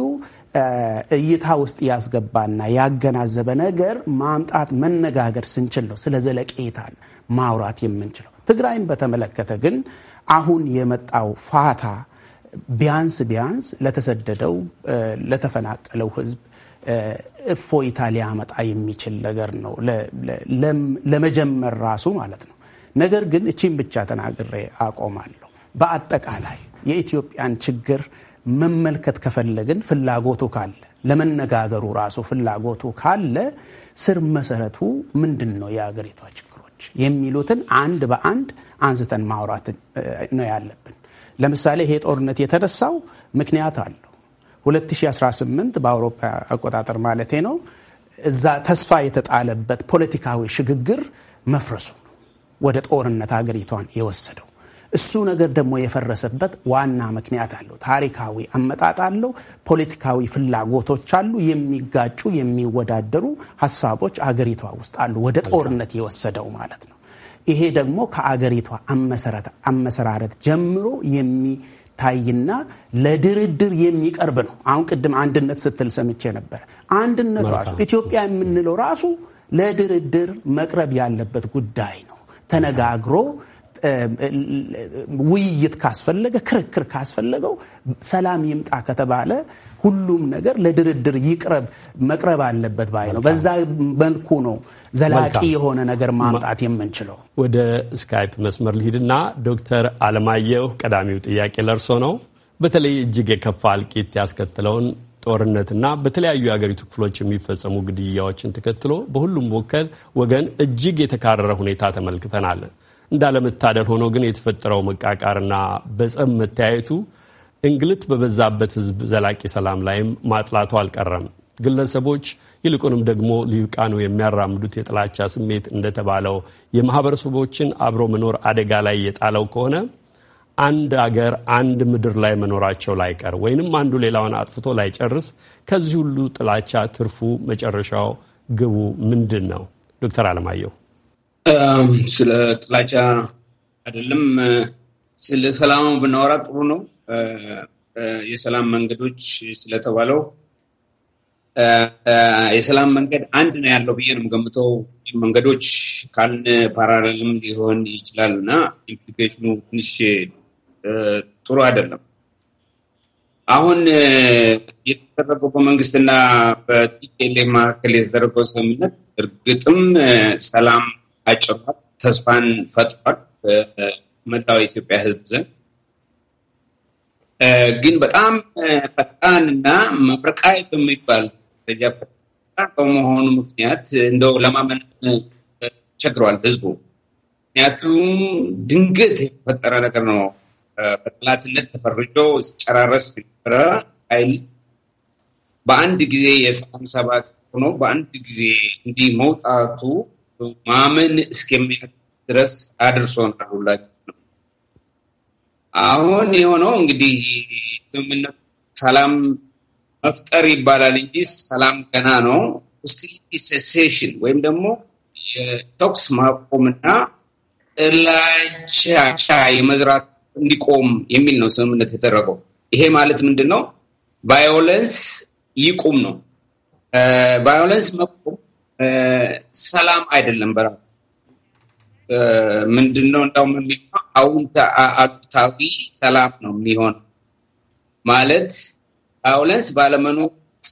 Speaker 9: እይታ ውስጥ ያስገባና ያገናዘበ ነገር ማምጣት መነጋገር ስንችል ነው ስለ ዘለቄታ ማውራት የምንችለው። ትግራይን በተመለከተ ግን አሁን የመጣው ፋታ ቢያንስ ቢያንስ ለተሰደደው ለተፈናቀለው ህዝብ እፎይታ ሊያመጣ የሚችል ነገር ነው ለመጀመር ራሱ ማለት ነው። ነገር ግን እቺን ብቻ ተናግሬ አቆማለሁ። በአጠቃላይ የኢትዮጵያን ችግር መመልከት ከፈለግን ፍላጎቱ ካለ ለመነጋገሩ ራሱ ፍላጎቱ ካለ ስር መሰረቱ ምንድን ነው የአገሪቷ ችግሮች የሚሉትን አንድ በአንድ አንስተን ማውራት ነው ያለብን። ለምሳሌ ይሄ ጦርነት የተነሳው ምክንያት አለው። 2018 በአውሮፓ አቆጣጠር ማለቴ ነው። እዛ ተስፋ የተጣለበት ፖለቲካዊ ሽግግር መፍረሱ ወደ ጦርነት አገሪቷን የወሰደው። እሱ ነገር ደግሞ የፈረሰበት ዋና ምክንያት አለው። ታሪካዊ አመጣጥ አለው። ፖለቲካዊ ፍላጎቶች አሉ። የሚጋጩ የሚወዳደሩ ሀሳቦች አገሪቷ ውስጥ አሉ። ወደ ጦርነት የወሰደው ማለት ነው። ይሄ ደግሞ ከአገሪቷ አመሰራረት ጀምሮ የሚታይና ለድርድር የሚቀርብ ነው። አሁን ቅድም አንድነት ስትል ሰምቼ ነበር። አንድነት ራሱ ኢትዮጵያ የምንለው ራሱ ለድርድር መቅረብ ያለበት ጉዳይ ነው። ተነጋግሮ ውይይት ካስፈለገ ክርክር ካስፈለገው ሰላም ይምጣ ከተባለ ሁሉም ነገር ለድርድር ይቅረብ መቅረብ አለበት ባይ ነው። በዛ መልኩ ነው ዘላቂ የሆነ ነገር ማምጣት የምንችለው።
Speaker 3: ወደ ስካይፕ መስመር ልሂድና ዶክተር አለማየሁ ቀዳሚው ጥያቄ ለእርሶ ነው። በተለይ እጅግ የከፋ እልቂት ያስከትለውን ጦርነትና በተለያዩ የአገሪቱ ክፍሎች የሚፈጸሙ ግድያዎችን ተከትሎ በሁሉም ወከል ወገን እጅግ የተካረረ ሁኔታ ተመልክተናል። እንዳለመታደል ሆኖ ግን የተፈጠረው መቃቃርና በጸብ መተያየቱ እንግልት በበዛበት ሕዝብ ዘላቂ ሰላም ላይም ማጥላቱ አልቀረም። ግለሰቦች ይልቁንም ደግሞ ልሂቃኑ የሚያራምዱት የጥላቻ ስሜት እንደተባለው የማህበረሰቦችን አብሮ መኖር አደጋ ላይ የጣለው ከሆነ አንድ አገር አንድ ምድር ላይ መኖራቸው ላይቀር ወይንም አንዱ ሌላውን አጥፍቶ ላይጨርስ ከዚህ ሁሉ ጥላቻ ትርፉ መጨረሻው ግቡ ምንድን ነው? ዶክተር አለማየሁ
Speaker 5: ስለ ጥላቻ አይደለም ስለ ሰላሙ ብናወራ ጥሩ ነው። የሰላም መንገዶች ስለተባለው የሰላም መንገድ አንድ ነው ያለው ብዬ ነው የምገምተው። መንገዶች ካልን ፓራሌልም ሊሆን ይችላል እና ኢምፕሊኬሽኑ ትንሽ ጥሩ አይደለም። አሁን የተደረገው በመንግስትና በቲፒኤልኤፍ መካከል የተደረገው ስምምነት እርግጥም ሰላም አጭሯል፣ ተስፋን ፈጥሯል በመላው የኢትዮጵያ ሕዝብ ዘንድ ግን በጣም ፈጣን እና መብረቃዊ በሚባል ደረጃ በመሆኑ ምክንያት እንደው ለማመን ቸግሯል ሕዝቡ። ምክንያቱም ድንገት የተፈጠረ ነገር ነው። በጠላትነት ተፈርጆ ሲጨራረስ ነበረ ኃይል በአንድ ጊዜ የሰላም ሰባት ሆኖ በአንድ ጊዜ እንዲህ መውጣቱ ማመን እስከሚያት ድረስ አድርሶ ሁላችን ነው። አሁን የሆነው እንግዲህ ስምምነቱ ሰላም መፍጠር ይባላል እንጂ ሰላም ገና ነው። ሆስቲሊቲ ሴሴሽን ወይም ደግሞ የተኩስ ማቆምና ጥላቻ የመዝራት እንዲቆም የሚል ነው ስምምነት የተደረገው። ይሄ ማለት ምንድን ነው? ቫዮለንስ ይቁም ነው። ቫዮለንስ መቆም ሰላም አይደለም። በራ ምንድን ነው እንዳውም የሚሆነው አሉታዊ ሰላም ነው የሚሆን ማለት ቫዮለንስ ባለመኖ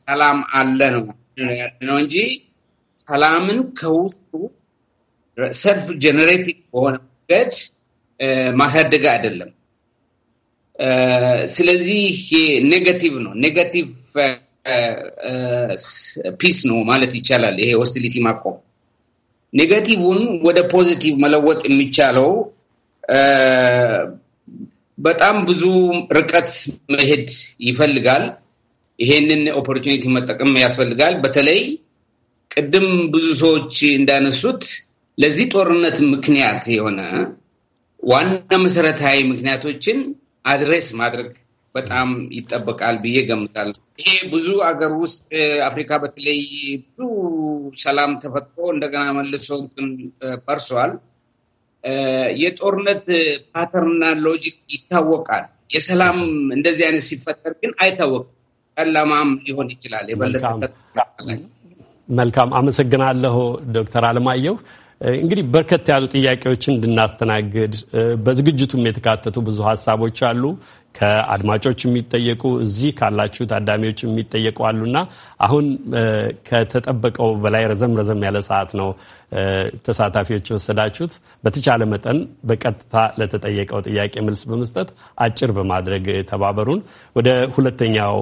Speaker 5: ሰላም አለ ነው ነው እንጂ ሰላምን ከውስጡ ሰልፍ ጀነሬቲቭ በሆነ መንገድ ማሳደግ አይደለም። ስለዚህ ይሄ ኔጋቲቭ ነው፣ ኔጋቲቭ ፒስ ነው ማለት ይቻላል። ይሄ ሆስቲሊቲ ማቆም ኔጋቲቭን ወደ ፖዚቲቭ መለወጥ የሚቻለው በጣም ብዙ ርቀት መሄድ ይፈልጋል። ይሄንን ኦፖርቹኒቲ መጠቀም ያስፈልጋል። በተለይ ቅድም ብዙ ሰዎች እንዳነሱት ለዚህ ጦርነት ምክንያት የሆነ ዋና መሰረታዊ ምክንያቶችን አድሬስ ማድረግ በጣም ይጠበቃል ብዬ ገምታል። ይሄ ብዙ አገር ውስጥ አፍሪካ በተለይ ብዙ ሰላም ተፈጥሮ እንደገና መልሶ ፈርሷል። የጦርነት ፓተርንና ሎጂክ ይታወቃል። የሰላም እንደዚህ አይነት ሲፈጠር ግን አይታወቅም። ቀለማም ሊሆን ይችላል። የበለጠ
Speaker 3: መልካም አመሰግናለሁ ዶክተር አለማየሁ። እንግዲህ በርከት ያሉ ጥያቄዎችን እንድናስተናግድ በዝግጅቱም የተካተቱ ብዙ ሀሳቦች አሉ። ከአድማጮች የሚጠየቁ እዚህ ካላችሁ ታዳሚዎች የሚጠየቁ አሉና አሁን ከተጠበቀው በላይ ረዘም ረዘም ያለ ሰዓት ነው ተሳታፊዎች የወሰዳችሁት በተቻለ መጠን በቀጥታ ለተጠየቀው ጥያቄ መልስ በመስጠት አጭር በማድረግ ተባበሩን። ወደ ሁለተኛው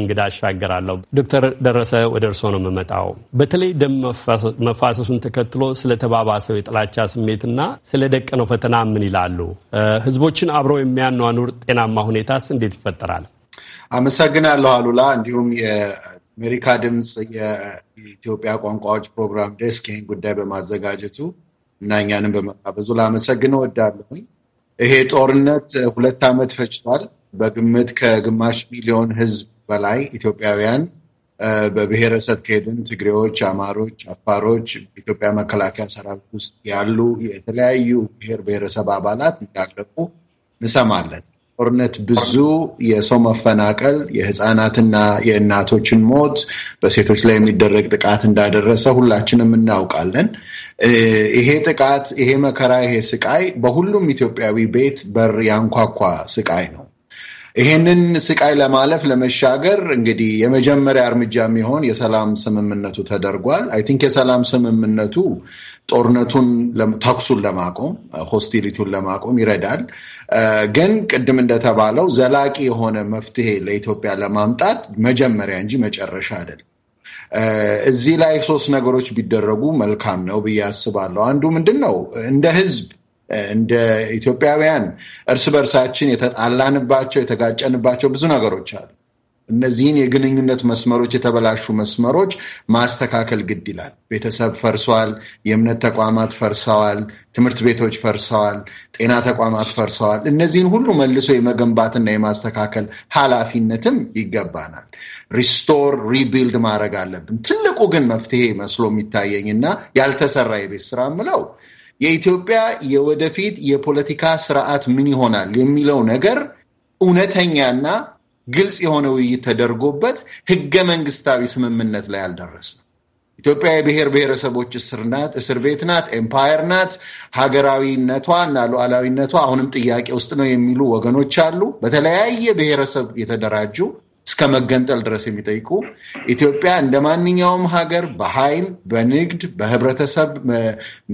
Speaker 3: እንግዳ አሻገራለሁ። ዶክተር ደረሰ ወደ እርስዎ ነው የምመጣው። በተለይ ደም መፋሰሱን ተከትሎ ስለ ተባባሰው የጥላቻ ስሜትና ስለ ደቀነው ፈተና ምን ይላሉ? ህዝቦችን አብሮ የሚያኗኑር ጤናማ ሁኔታስ እንዴት ይፈጠራል? አመሰግናለሁ
Speaker 7: አሉላ። እንዲሁም የአሜሪካ ድምፅ የኢትዮጵያ ቋንቋዎች ፕሮግራም ዴስክ ይህን ጉዳይ በማዘጋጀቱ እና እኛንም በመጋበዙ ላመሰግን እወዳለሁኝ። ይሄ ጦርነት ሁለት ዓመት ፈጅቷል። በግምት ከግማሽ ሚሊዮን ሕዝብ በላይ ኢትዮጵያውያን በብሔረሰብ ከሄድን ትግሬዎች፣ አማሮች፣ አፋሮች ኢትዮጵያ መከላከያ ሰራዊት ውስጥ ያሉ የተለያዩ ብሔር ብሔረሰብ አባላት እንዳለቁ እንሰማለን። ጦርነት ብዙ የሰው መፈናቀል፣ የህፃናትና የእናቶችን ሞት፣ በሴቶች ላይ የሚደረግ ጥቃት እንዳደረሰ ሁላችንም እናውቃለን። ይሄ ጥቃት፣ ይሄ መከራ፣ ይሄ ስቃይ በሁሉም ኢትዮጵያዊ ቤት በር ያንኳኳ ስቃይ ነው። ይሄንን ስቃይ ለማለፍ ለመሻገር እንግዲህ የመጀመሪያ እርምጃ የሚሆን የሰላም ስምምነቱ ተደርጓል። አይ ቲንክ የሰላም ስምምነቱ ጦርነቱን ተኩሱን ለማቆም ሆስቲሊቲውን ለማቆም ይረዳል። ግን ቅድም እንደተባለው ዘላቂ የሆነ መፍትሄ ለኢትዮጵያ ለማምጣት መጀመሪያ እንጂ መጨረሻ አይደለም። እዚህ ላይ ሶስት ነገሮች ቢደረጉ መልካም ነው ብዬ አስባለሁ። አንዱ ምንድን ነው እንደ ህዝብ እንደ ኢትዮጵያውያን እርስ በርሳችን የተጣላንባቸው የተጋጨንባቸው ብዙ ነገሮች አሉ። እነዚህን የግንኙነት መስመሮች የተበላሹ መስመሮች ማስተካከል ግድ ይላል። ቤተሰብ ፈርሰዋል፣ የእምነት ተቋማት ፈርሰዋል፣ ትምህርት ቤቶች ፈርሰዋል፣ ጤና ተቋማት ፈርሰዋል። እነዚህን ሁሉ መልሶ የመገንባትና የማስተካከል ኃላፊነትም ይገባናል። ሪስቶር ሪቢልድ ማድረግ አለብን። ትልቁ ግን መፍትሄ መስሎ የሚታየኝ እና ያልተሰራ የቤት ስራ ምለው የኢትዮጵያ የወደፊት የፖለቲካ ስርዓት ምን ይሆናል የሚለው ነገር እውነተኛና ግልጽ የሆነ ውይይት ተደርጎበት ህገ መንግስታዊ ስምምነት ላይ አልደረስንም። ኢትዮጵያ የብሔር ብሔረሰቦች እስር ቤት ናት፣ ኤምፓየር ናት። ሀገራዊነቷ እና ሉዓላዊነቷ አሁንም ጥያቄ ውስጥ ነው የሚሉ ወገኖች አሉ። በተለያየ ብሔረሰብ የተደራጁ እስከ መገንጠል ድረስ የሚጠይቁ ኢትዮጵያ እንደ ማንኛውም ሀገር በኃይል በንግድ በህብረተሰብ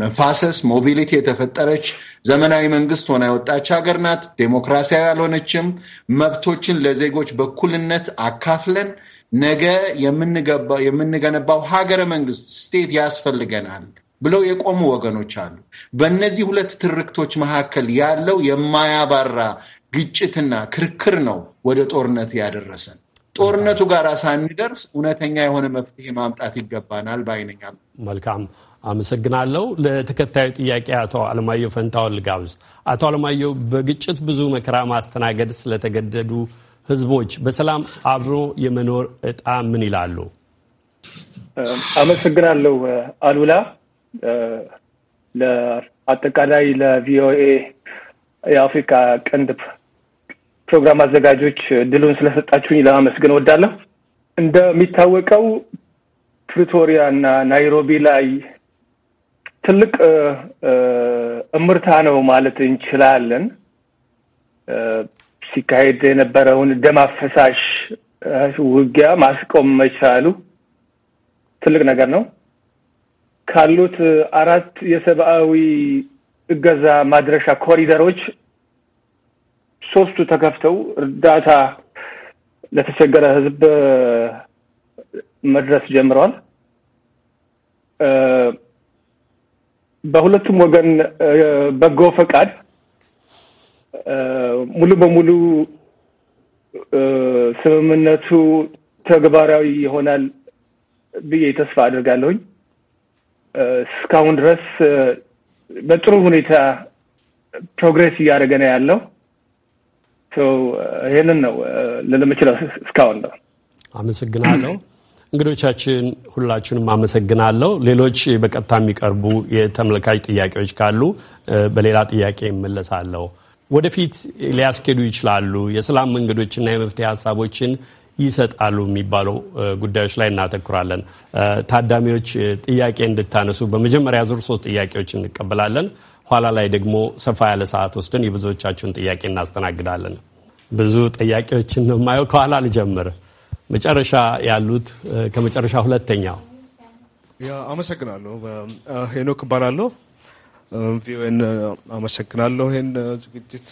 Speaker 7: መፋሰስ ሞቢሊቲ የተፈጠረች ዘመናዊ መንግስት ሆና የወጣች ሀገር ናት። ዴሞክራሲያዊ ያልሆነችም። መብቶችን ለዜጎች በኩልነት አካፍለን ነገ የምንገነባው ሀገረ መንግስት ስቴት ያስፈልገናል ብለው የቆሙ ወገኖች አሉ። በእነዚህ ሁለት ትርክቶች መካከል ያለው የማያባራ ግጭትና ክርክር ነው ወደ ጦርነት ያደረሰን። ጦርነቱ ጋር ሳንደርስ እውነተኛ የሆነ መፍትሄ ማምጣት ይገባናል ባይነኛ።
Speaker 3: መልካም አመሰግናለሁ። ለተከታዩ ጥያቄ አቶ አለማየሁ ፈንታውን ልጋብዝ። አቶ አለማየሁ በግጭት ብዙ መከራ ማስተናገድ ስለተገደዱ ህዝቦች በሰላም አብሮ የመኖር እጣ ምን ይላሉ?
Speaker 10: አመሰግናለሁ አሉላ። አጠቃላይ ለቪኦኤ የአፍሪካ ቀንድ ፕሮግራም አዘጋጆች ድሉን ስለሰጣችሁኝ ለማመስገን ወዳለሁ። እንደሚታወቀው ፕሪቶሪያ እና ናይሮቢ ላይ ትልቅ እምርታ ነው ማለት እንችላለን። ሲካሄድ የነበረውን ደም አፈሳሽ ውጊያ ማስቆም መቻሉ ትልቅ ነገር ነው። ካሉት አራት የሰብአዊ እገዛ ማድረሻ ኮሪደሮች ሶስቱ ተከፍተው እርዳታ ለተቸገረ ህዝብ መድረስ ጀምረዋል። በሁለቱም ወገን በጎ ፈቃድ ሙሉ በሙሉ ስምምነቱ ተግባራዊ ይሆናል ብዬ ተስፋ አድርጋለሁኝ። እስካሁን ድረስ በጥሩ ሁኔታ ፕሮግሬስ እያደረገ ነው ያለው። ይህንን ነው ልልምችለው
Speaker 3: እስካሁን ነው። አመሰግናለሁ። እንግዶቻችን ሁላችሁንም አመሰግናለሁ። ሌሎች በቀጥታ የሚቀርቡ የተመልካች ጥያቄዎች ካሉ በሌላ ጥያቄ ይመለሳለሁ። ወደፊት ሊያስኬዱ ይችላሉ የሰላም መንገዶችና የመፍትሄ ሀሳቦችን ይሰጣሉ የሚባሉ ጉዳዮች ላይ እናተኩራለን። ታዳሚዎች ጥያቄ እንድታነሱ በመጀመሪያ ዙር ሶስት ጥያቄዎች እንቀበላለን። ኋላ ላይ ደግሞ ሰፋ ያለ ሰዓት ወስደን የብዙዎቻችሁን ጥያቄ እናስተናግዳለን። ብዙ ጥያቄዎችን ነው የማየው። ከኋላ ልጀምር፣ መጨረሻ ያሉት ከመጨረሻ ሁለተኛው።
Speaker 11: አመሰግናለሁ። ሄኖክ እባላለሁ። ቪኦኤን አመሰግናለሁ ይህን ዝግጅት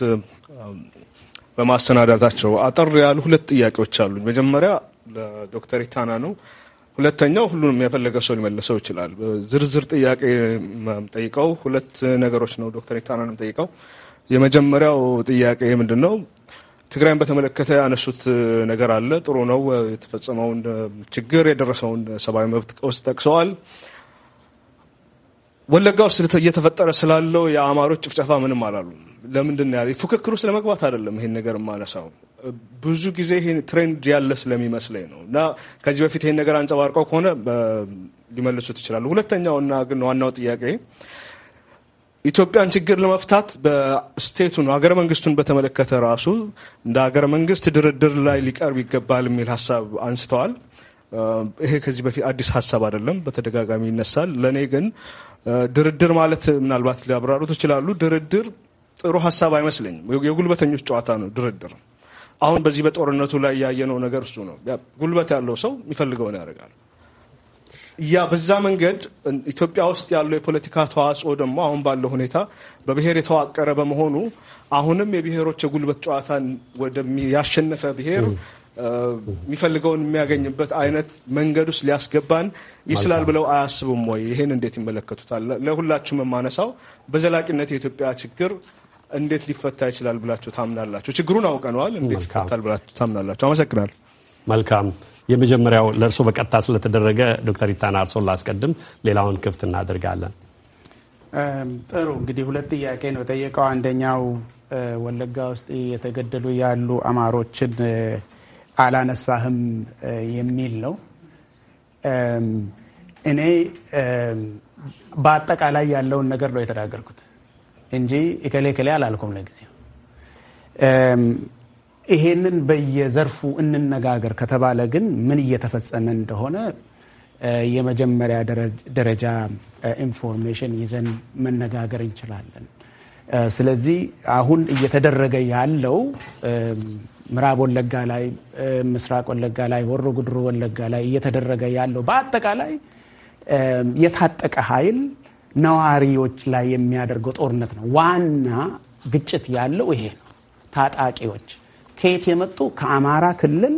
Speaker 11: በማሰናዳታቸው። አጠር ያሉ ሁለት ጥያቄዎች አሉኝ። መጀመሪያ ለዶክተር ኢታና ነው። ሁለተኛው ሁሉንም የፈለገ ሰው ሊመልሰው ይችላል። ዝርዝር ጥያቄ ጠይቀው ሁለት ነገሮች ነው ዶክተር ኢታናንም ጠይቀው። የመጀመሪያው ጥያቄ ምንድን ነው? ትግራይን በተመለከተ ያነሱት ነገር አለ። ጥሩ ነው። የተፈጸመውን ችግር፣ የደረሰውን ሰብአዊ መብት ቀውስ ጠቅሰዋል። ወለጋ ውስጥ እየተፈጠረ ስላለው የአማሮች ጭፍጨፋ ምንም አላሉ። ለምንድን ነው ያለ ፉክክር ውስጥ ለመግባት አይደለም። ይሄን ነገር ማነሳው ብዙ ጊዜ ይሄን ትሬንድ ያለ ስለሚመስለኝ ነው እና ከዚህ በፊት ይህን ነገር አንጸባርቀው ከሆነ ሊመልሱት ይችላሉ። ሁለተኛው እና ግን ዋናው ጥያቄ ኢትዮጵያን ችግር ለመፍታት በስቴቱን ሀገረ መንግስቱን በተመለከተ ራሱ እንደ ሀገረ መንግስት ድርድር ላይ ሊቀርብ ይገባል የሚል ሀሳብ አንስተዋል። ይሄ ከዚህ በፊት አዲስ ሀሳብ አይደለም፣ በተደጋጋሚ ይነሳል። ለእኔ ግን ድርድር ማለት ምናልባት ሊያብራሩት ይችላሉ። ድርድር ጥሩ ሀሳብ አይመስለኝም። የጉልበተኞች ጨዋታ ነው ድርድር አሁን በዚህ በጦርነቱ ላይ ያየነው ነገር እሱ ነው። ጉልበት ያለው ሰው የሚፈልገውን ያደርጋል። ያ በዛ መንገድ ኢትዮጵያ ውስጥ ያለው የፖለቲካ ተዋጽኦ ደግሞ አሁን ባለው ሁኔታ በብሔር የተዋቀረ በመሆኑ አሁንም የብሔሮች የጉልበት ጨዋታን ወደሚያሸነፈ ብሔር የሚፈልገውን የሚያገኝበት አይነት መንገድ ውስጥ ሊያስገባን ይችላል ብለው አያስቡም ወይ? ይህን እንዴት ይመለከቱታል? ለሁላችሁም የማነሳው በዘላቂነት የኢትዮጵያ ችግር እንዴት ሊፈታ ይችላል ብላችሁ ታምናላችሁ? ችግሩን አውቀነዋል። እንዴት ይፈታል ብላችሁ
Speaker 3: ታምናላችሁ? አመሰግናል። መልካም። የመጀመሪያው ለእርሶ በቀጥታ ስለተደረገ ዶክተር ኢታና እርሶን ላስቀድም፣ ሌላውን ክፍት እናደርጋለን።
Speaker 9: ጥሩ እንግዲህ ሁለት ጥያቄ ነው የጠየቀው። አንደኛው ወለጋ ውስጥ የተገደሉ ያሉ አማሮችን አላነሳህም የሚል ነው። እኔ በአጠቃላይ ያለውን ነገር ነው የተናገርኩት። እንጂ እከሌ ከሌ አላልኩም። ለጊዜው ይሄንን በየዘርፉ እንነጋገር ከተባለ ግን ምን እየተፈጸመ እንደሆነ የመጀመሪያ ደረጃ ኢንፎርሜሽን ይዘን መነጋገር እንችላለን። ስለዚህ አሁን እየተደረገ ያለው ምዕራብ ወለጋ ላይ፣ ምስራቅ ወለጋ ላይ፣ ሆሮ ጉድሩ ወለጋ ላይ እየተደረገ ያለው በአጠቃላይ የታጠቀ ኃይል ነዋሪዎች ላይ የሚያደርገው ጦርነት ነው። ዋና ግጭት ያለው ይሄ ነው። ታጣቂዎች ከየት የመጡ ከአማራ ክልል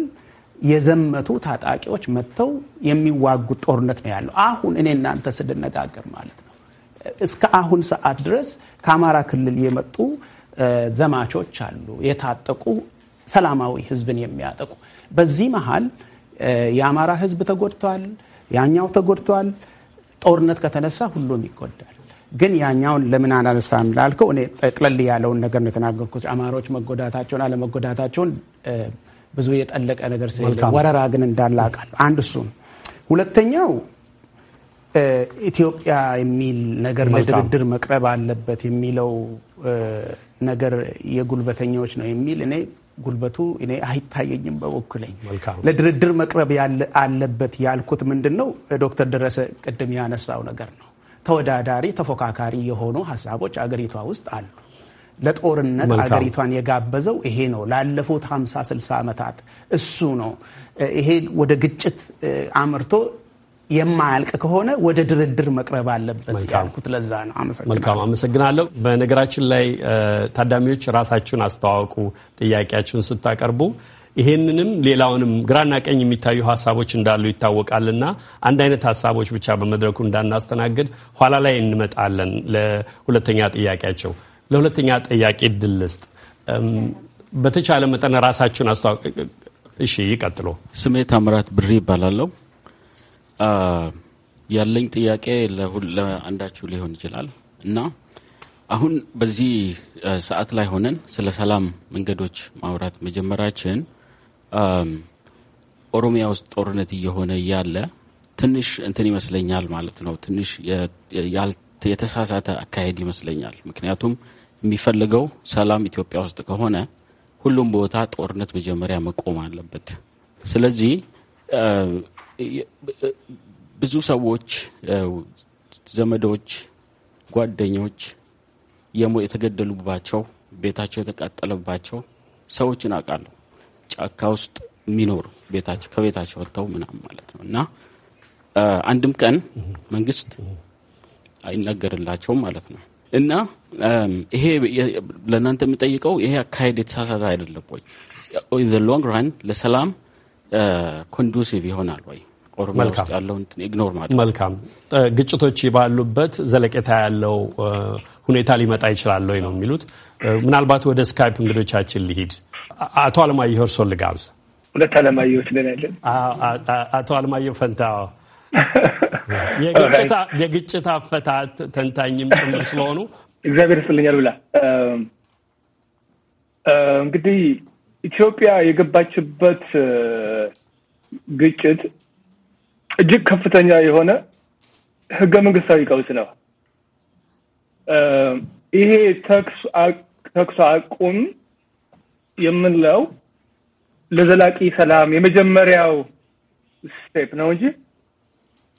Speaker 9: የዘመቱ ታጣቂዎች መጥተው የሚዋጉት ጦርነት ነው ያለው። አሁን እኔ እናንተ ስንነጋገር ማለት ነው እስከ አሁን ሰዓት ድረስ ከአማራ ክልል የመጡ ዘማቾች አሉ፣ የታጠቁ ሰላማዊ ህዝብን የሚያጠቁ። በዚህ መሀል የአማራ ህዝብ ተጎድቷል፣ ያኛው ተጎድቷል። ጦርነት ከተነሳ ሁሉም ይጎዳል። ግን ያኛውን ለምን አናነሳም ላልከው እኔ ጠቅለል ያለውን ነገር ነው የተናገርኩት። አማሮች መጎዳታቸውን አለመጎዳታቸውን ብዙ የጠለቀ ነገር ስለሌለ ወረራ ግን እንዳላቃል አንድ እሱ ነው። ሁለተኛው ኢትዮጵያ የሚል ነገር ለድርድር መቅረብ አለበት የሚለው ነገር የጉልበተኛዎች ነው የሚል እኔ ጉልበቱ እኔ አይታየኝም። በበኩሌ ለድርድር መቅረብ አለበት ያልኩት ምንድን ነው ዶክተር ደረሰ ቅድም ያነሳው ነገር ነው። ተወዳዳሪ ተፎካካሪ የሆኑ ሀሳቦች አገሪቷ ውስጥ አሉ። ለጦርነት አገሪቷን የጋበዘው ይሄ ነው። ላለፉት 50 60 ዓመታት እሱ ነው። ይሄ ወደ ግጭት አምርቶ የማያልቅ ከሆነ ወደ ድርድር መቅረብ አለበት ያልኩት ለዛ ነው።
Speaker 3: መልካም አመሰግናለሁ። በነገራችን ላይ ታዳሚዎች ራሳችሁን አስተዋውቁ ጥያቄያችሁን ስታቀርቡ ይሄንንም ሌላውንም ግራና ቀኝ የሚታዩ ሀሳቦች እንዳሉ ይታወቃልና አንድ አይነት ሀሳቦች ብቻ በመድረኩ እንዳናስተናግድ ኋላ ላይ እንመጣለን። ለሁለተኛ ጥያቄያቸው ለሁለተኛ ጥያቄ ድል ልስጥ። በተቻለ መጠን ራሳችሁን አስተዋውቁ። እሺ፣ ይቀጥሎ።
Speaker 12: ስሜ ታምራት ብሬ ይባላለሁ። ያለኝ ጥያቄ ለአንዳችሁ ሊሆን ይችላል እና አሁን በዚህ ሰዓት ላይ ሆነን ስለ ሰላም መንገዶች ማውራት መጀመራችን ኦሮሚያ ውስጥ ጦርነት እየሆነ ያለ ትንሽ እንትን ይመስለኛል ማለት ነው። ትንሽ የተሳሳተ አካሄድ ይመስለኛል። ምክንያቱም የሚፈልገው ሰላም ኢትዮጵያ ውስጥ ከሆነ ሁሉም ቦታ ጦርነት መጀመሪያ መቆም አለበት። ስለዚህ ብዙ ሰዎች ዘመዶች፣ ጓደኞች የተገደሉባቸው ቤታቸው የተቃጠለባቸው ሰዎችን አውቃለሁ። ጫካ ውስጥ የሚኖሩ ቤታቸው ከቤታቸው ወጥተው ምናምን ማለት ነው እና አንድም ቀን መንግስት አይናገርላቸውም ማለት ነው እና ይሄ ለእናንተ የምጠይቀው ይሄ አካሄድ የተሳሳተ አይደለም ወይ? ኢን ዘ ሎንግ ራን ለሰላም ኮንዱሲቭ ይሆናል ወይ? ኦሮሚያ ውስጥ ያለውን ኢግኖር ማለት
Speaker 3: መልካም ግጭቶች ባሉበት ዘለቄታ ያለው ሁኔታ ሊመጣ ይችላል ወይ ነው የሚሉት። ምናልባት ወደ ስካይፕ እንግዶቻችን ልሂድ። አቶ አለማየሁ እርሶ ልጋብዝ። ሁለት አለማየሁ ትለናለን። አቶ አለማየሁ ፈንታ የግጭት አፈታት ተንታኝም ጭምር ስለሆኑ እግዚአብሔር ይስጥልኛል ብላ
Speaker 10: እንግዲህ ኢትዮጵያ የገባችበት ግጭት እጅግ ከፍተኛ የሆነ ህገ መንግስታዊ ቀውስ ነው። ይሄ ተኩስ አቁም የምንለው ለዘላቂ ሰላም የመጀመሪያው ስቴፕ ነው እንጂ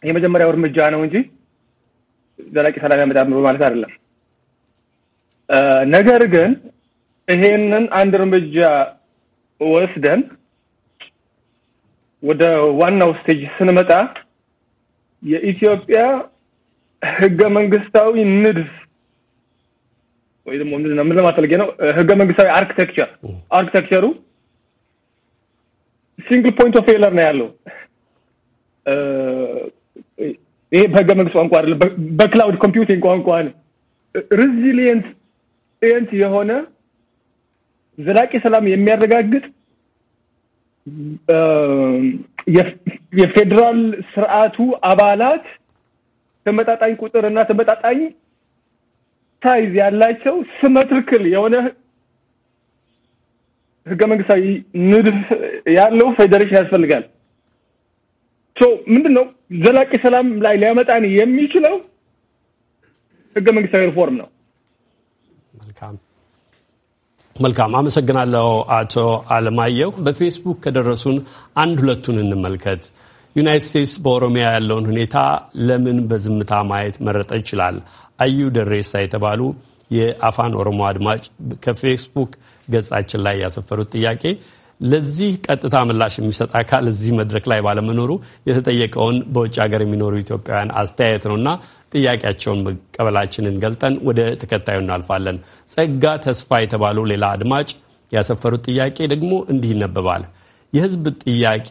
Speaker 10: የመጀመሪያው እርምጃ ነው እንጂ ዘላቂ ሰላም ያመጣም በማለት አይደለም። ነገር ግን ይሄንን አንድ እርምጃ ወስደን ወደ ዋናው ስቴጅ ስንመጣ የኢትዮጵያ ህገ መንግስታዊ ንድፍ ወይ ደግሞ ምን ለማስፈለግ ነው? ህገ መንግስታዊ አርክቴክቸር አርክቴክቸሩ ሲንግል ፖይንት ኦፍ ፌለር ነው ያለው። ይሄ በህገ መንግስት ቋንቋ አይደለም፣ በክላውድ ኮምፒውቲንግ ቋንቋ ነው። ሪዚሊየንት የሆነ ዘላቂ ሰላም የሚያረጋግጥ የፌዴራል ስርዓቱ አባላት ተመጣጣኝ ቁጥር እና ተመጣጣኝ ሳይዝ ያላቸው ስመትርክል የሆነ ህገ መንግስታዊ ንድፍ ያለው ፌዴሬሽን ያስፈልጋል። ምንድን ነው ዘላቂ ሰላም ላይ ሊያመጣን የሚችለው ህገ መንግስታዊ ሪፎርም ነው።
Speaker 3: መልካም አመሰግናለሁ አቶ አለማየሁ። በፌስቡክ ከደረሱን አንድ ሁለቱን እንመልከት። ዩናይት ስቴትስ በኦሮሚያ ያለውን ሁኔታ ለምን በዝምታ ማየት መረጠ ይችላል? አዩ ደሬሳ የተባሉ የአፋን ኦሮሞ አድማጭ ከፌስቡክ ገጻችን ላይ ያሰፈሩት ጥያቄ ለዚህ ቀጥታ ምላሽ የሚሰጥ አካል እዚህ መድረክ ላይ ባለመኖሩ የተጠየቀውን በውጭ ሀገር የሚኖሩ ኢትዮጵያውያን አስተያየት ነው እና ጥያቄያቸውን መቀበላችንን ገልጠን ወደ ተከታዩ እናልፋለን። ጸጋ ተስፋ የተባሉ ሌላ አድማጭ ያሰፈሩት ጥያቄ ደግሞ እንዲህ ይነበባል። የህዝብ ጥያቄ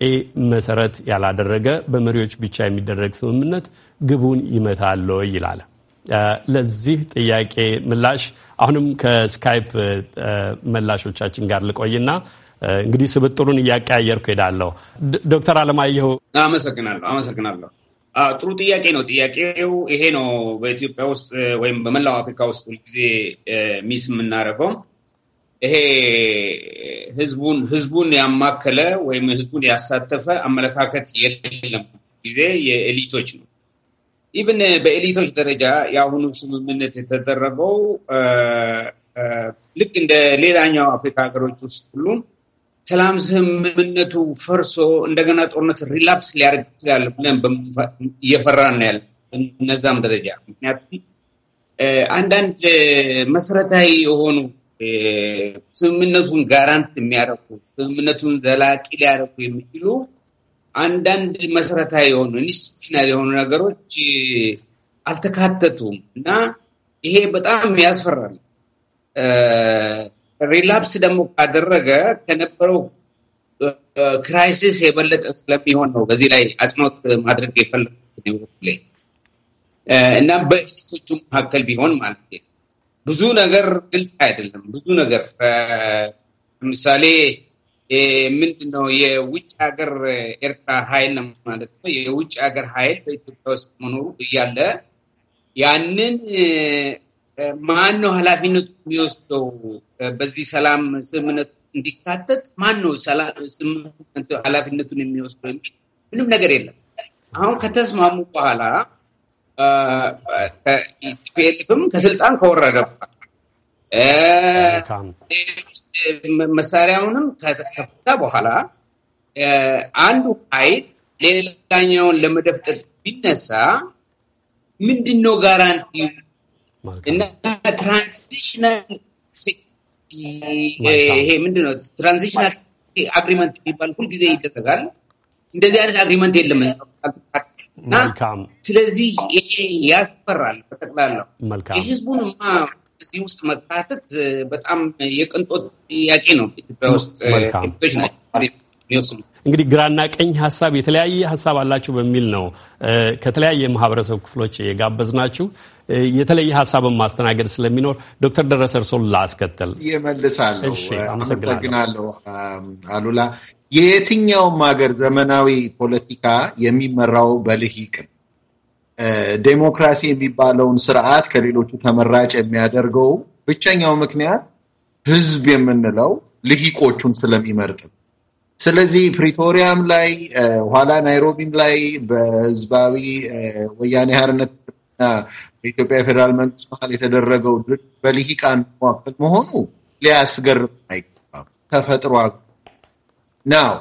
Speaker 3: መሰረት ያላደረገ በመሪዎች ብቻ የሚደረግ ስምምነት ግቡን ይመታል ይላል። ለዚህ ጥያቄ ምላሽ አሁንም ከስካይፕ መላሾቻችን ጋር ልቆይና እንግዲህ ስብጥሩን እያቀያየርኩ ሄዳለሁ። ዶክተር አለማየሁ አመሰግናለሁ። አመሰግናለሁ።
Speaker 5: ጥሩ ጥያቄ ነው። ጥያቄው ይሄ ነው። በኢትዮጵያ ውስጥ ወይም በመላው አፍሪካ ውስጥ ሁልጊዜ ሚስ የምናደርገው ይሄ ህዝቡን ህዝቡን ያማከለ ወይም ህዝቡን ያሳተፈ አመለካከት የለም። ጊዜ የኤሊቶች ነው። ኢቭን በኤሊቶች ደረጃ የአሁኑ ስምምነት የተደረገው ልክ እንደ ሌላኛው አፍሪካ ሀገሮች ውስጥ ሁሉም ሰላም ስምምነቱ ፈርሶ እንደገና ጦርነት ሪላፕስ ሊያደርግ ይችላል ብለን እየፈራን ያለ እነዛም ደረጃ ምክንያቱም አንዳንድ መሰረታዊ የሆኑ ስምምነቱን ጋራንት የሚያደርጉ ስምምነቱን ዘላቂ ሊያደርጉ የሚችሉ አንዳንድ መሰረታዊ የሆኑ ኢንስቲትሽናል የሆኑ ነገሮች አልተካተቱም እና ይሄ በጣም ያስፈራል። ሪላፕስ ደግሞ ካደረገ ከነበረው ክራይሲስ የበለጠ ስለሚሆን ነው በዚህ ላይ አጽንኦት ማድረግ የፈለጉት እና በእይቶቹ መካከል ቢሆን ማለት ብዙ ነገር ግልጽ አይደለም። ብዙ ነገር ለምሳሌ ምንድነው የውጭ ሀገር ኤርትራ ኃይል ነው ማለት ነው። የውጭ ሀገር ኃይል በኢትዮጵያ ውስጥ መኖሩ እያለ ያንን ማን ነው ኃላፊነቱ የሚወስደው በዚህ ሰላም ስምምነቱ እንዲካተት ማን ነው ኃላፊነቱን የሚወስደው የሚል ምንም ነገር የለም። አሁን ከተስማሙ በኋላ ፒኤልኤፍም ከስልጣን ከወረደ መሳሪያውንም ከፈታ በኋላ አንዱ ኃይል ሌላኛውን ለመደፍጠት ቢነሳ ምንድን ነው ጋራንቲ እና ትራንዚሽናል ይሄ ምንድነው ትራንዚሽናል አግሪመንት የሚባል ሁልጊዜ ይደረጋል። እንደዚህ አይነት አግሪመንት የለም። ስለዚህ ይሄ ያስፈራል። በጠቅላላው የህዝቡን እዚህ ውስጥ መካተት በጣም የቅንጦት ጥያቄ ነው። ኢትዮጵያ ውስጥ
Speaker 3: እንግዲህ ግራና ቀኝ ሀሳብ የተለያየ ሀሳብ አላችሁ በሚል ነው ከተለያየ ማህበረሰብ ክፍሎች የጋበዝ የጋበዝናችሁ። የተለየ ሀሳብን ማስተናገድ ስለሚኖር ዶክተር ደረሰ እርሶን ላስከተል
Speaker 7: ይመልሳለሁ። አመሰግናለሁ አሉላ። የየትኛውም ሀገር ዘመናዊ ፖለቲካ የሚመራው በልሂቅ ዴሞክራሲ የሚባለውን ስርዓት ከሌሎቹ ተመራጭ የሚያደርገው ብቸኛው ምክንያት ህዝብ የምንለው ልሂቆቹን ስለሚመርጥ ስለዚህ ፕሪቶሪያም ላይ ኋላ ናይሮቢም ላይ በህዝባዊ ወያኔ ሀርነት በኢትዮጵያ ፌዴራል መንግስት መሀል የተደረገው ድርድር በልሂቃን መካከል መሆኑ ሊያስገርም አይገባም። ተፈጥሮ ናው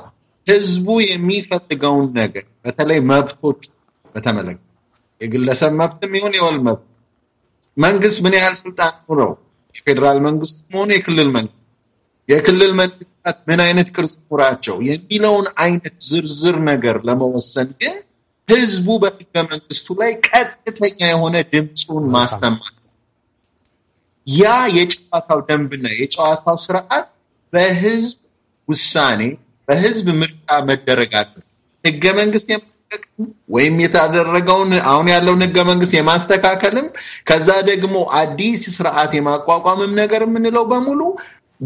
Speaker 7: ህዝቡ የሚፈልገውን ነገር በተለይ መብቶች በተመለከተ የግለሰብ መብትም ይሁን የወል መብት መንግስት ምን ያህል ስልጣን ኑረው የፌዴራል መንግስት መሆኑ የክልል መንግስት የክልል መንግስታት ምን አይነት ቅርጽ ኑራቸው የሚለውን አይነት ዝርዝር ነገር ለመወሰን ግን ህዝቡ በህገ መንግስቱ ላይ ቀጥተኛ የሆነ ድምፁን ማሰማት ያ የጨዋታው ደንብና የጨዋታው ስርዓት በህዝብ ውሳኔ በህዝብ ምርጫ መደረግ አለ። ህገ መንግስት ወይም የተደረገውን አሁን ያለውን ህገ መንግስት የማስተካከልም ከዛ ደግሞ አዲስ ስርዓት የማቋቋምም ነገር የምንለው በሙሉ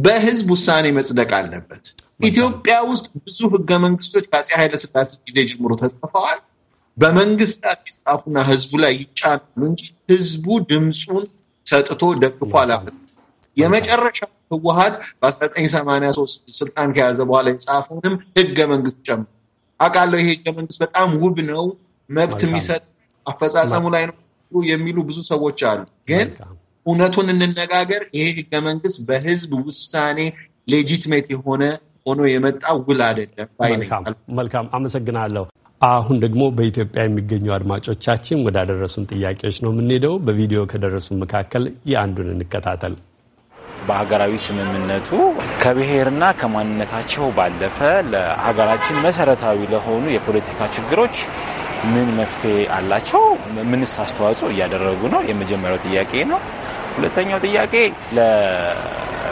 Speaker 7: በህዝብ ውሳኔ መጽደቅ አለበት። ኢትዮጵያ ውስጥ ብዙ ህገ መንግስቶች ከአፄ ኃይለስላሴ ጊዜ ጀምሮ ተጽፈዋል። አዲስ ይጻፉና ህዝቡ ላይ ይጫናሉ እንጂ ህዝቡ ድምፁን ሰጥቶ ደግፎ አላፈ። የመጨረሻ ህወሀት በ1983 ስልጣን ከያዘ በኋላ የጻፈውንም ህገ መንግስት ጨምሮ አውቃለሁ። ይሄ ህገ መንግስት በጣም ውብ ነው፣ መብት የሚሰጥ አፈጻጸሙ ላይ ነው የሚሉ ብዙ ሰዎች አሉ። ግን እውነቱን እንነጋገር፣ ይሄ ህገ መንግስት በህዝብ ውሳኔ ሌጂትሜት የሆነ ሆኖ የመጣ ውል አይደለም።
Speaker 3: መልካም አመሰግናለሁ። አሁን ደግሞ በኢትዮጵያ የሚገኙ አድማጮቻችን ወዳደረሱን ጥያቄዎች ነው የምንሄደው። በቪዲዮ ከደረሱ መካከል የአንዱን እንከታተል። በሀገራዊ ስምምነቱ ከብሔርና ከማንነታቸው ባለፈ ለሀገራችን
Speaker 12: መሰረታዊ ለሆኑ የፖለቲካ ችግሮች ምን መፍትሄ አላቸው? ምንስ አስተዋጽኦ እያደረጉ ነው? የመጀመሪያው ጥያቄ ነው። ሁለተኛው ጥያቄ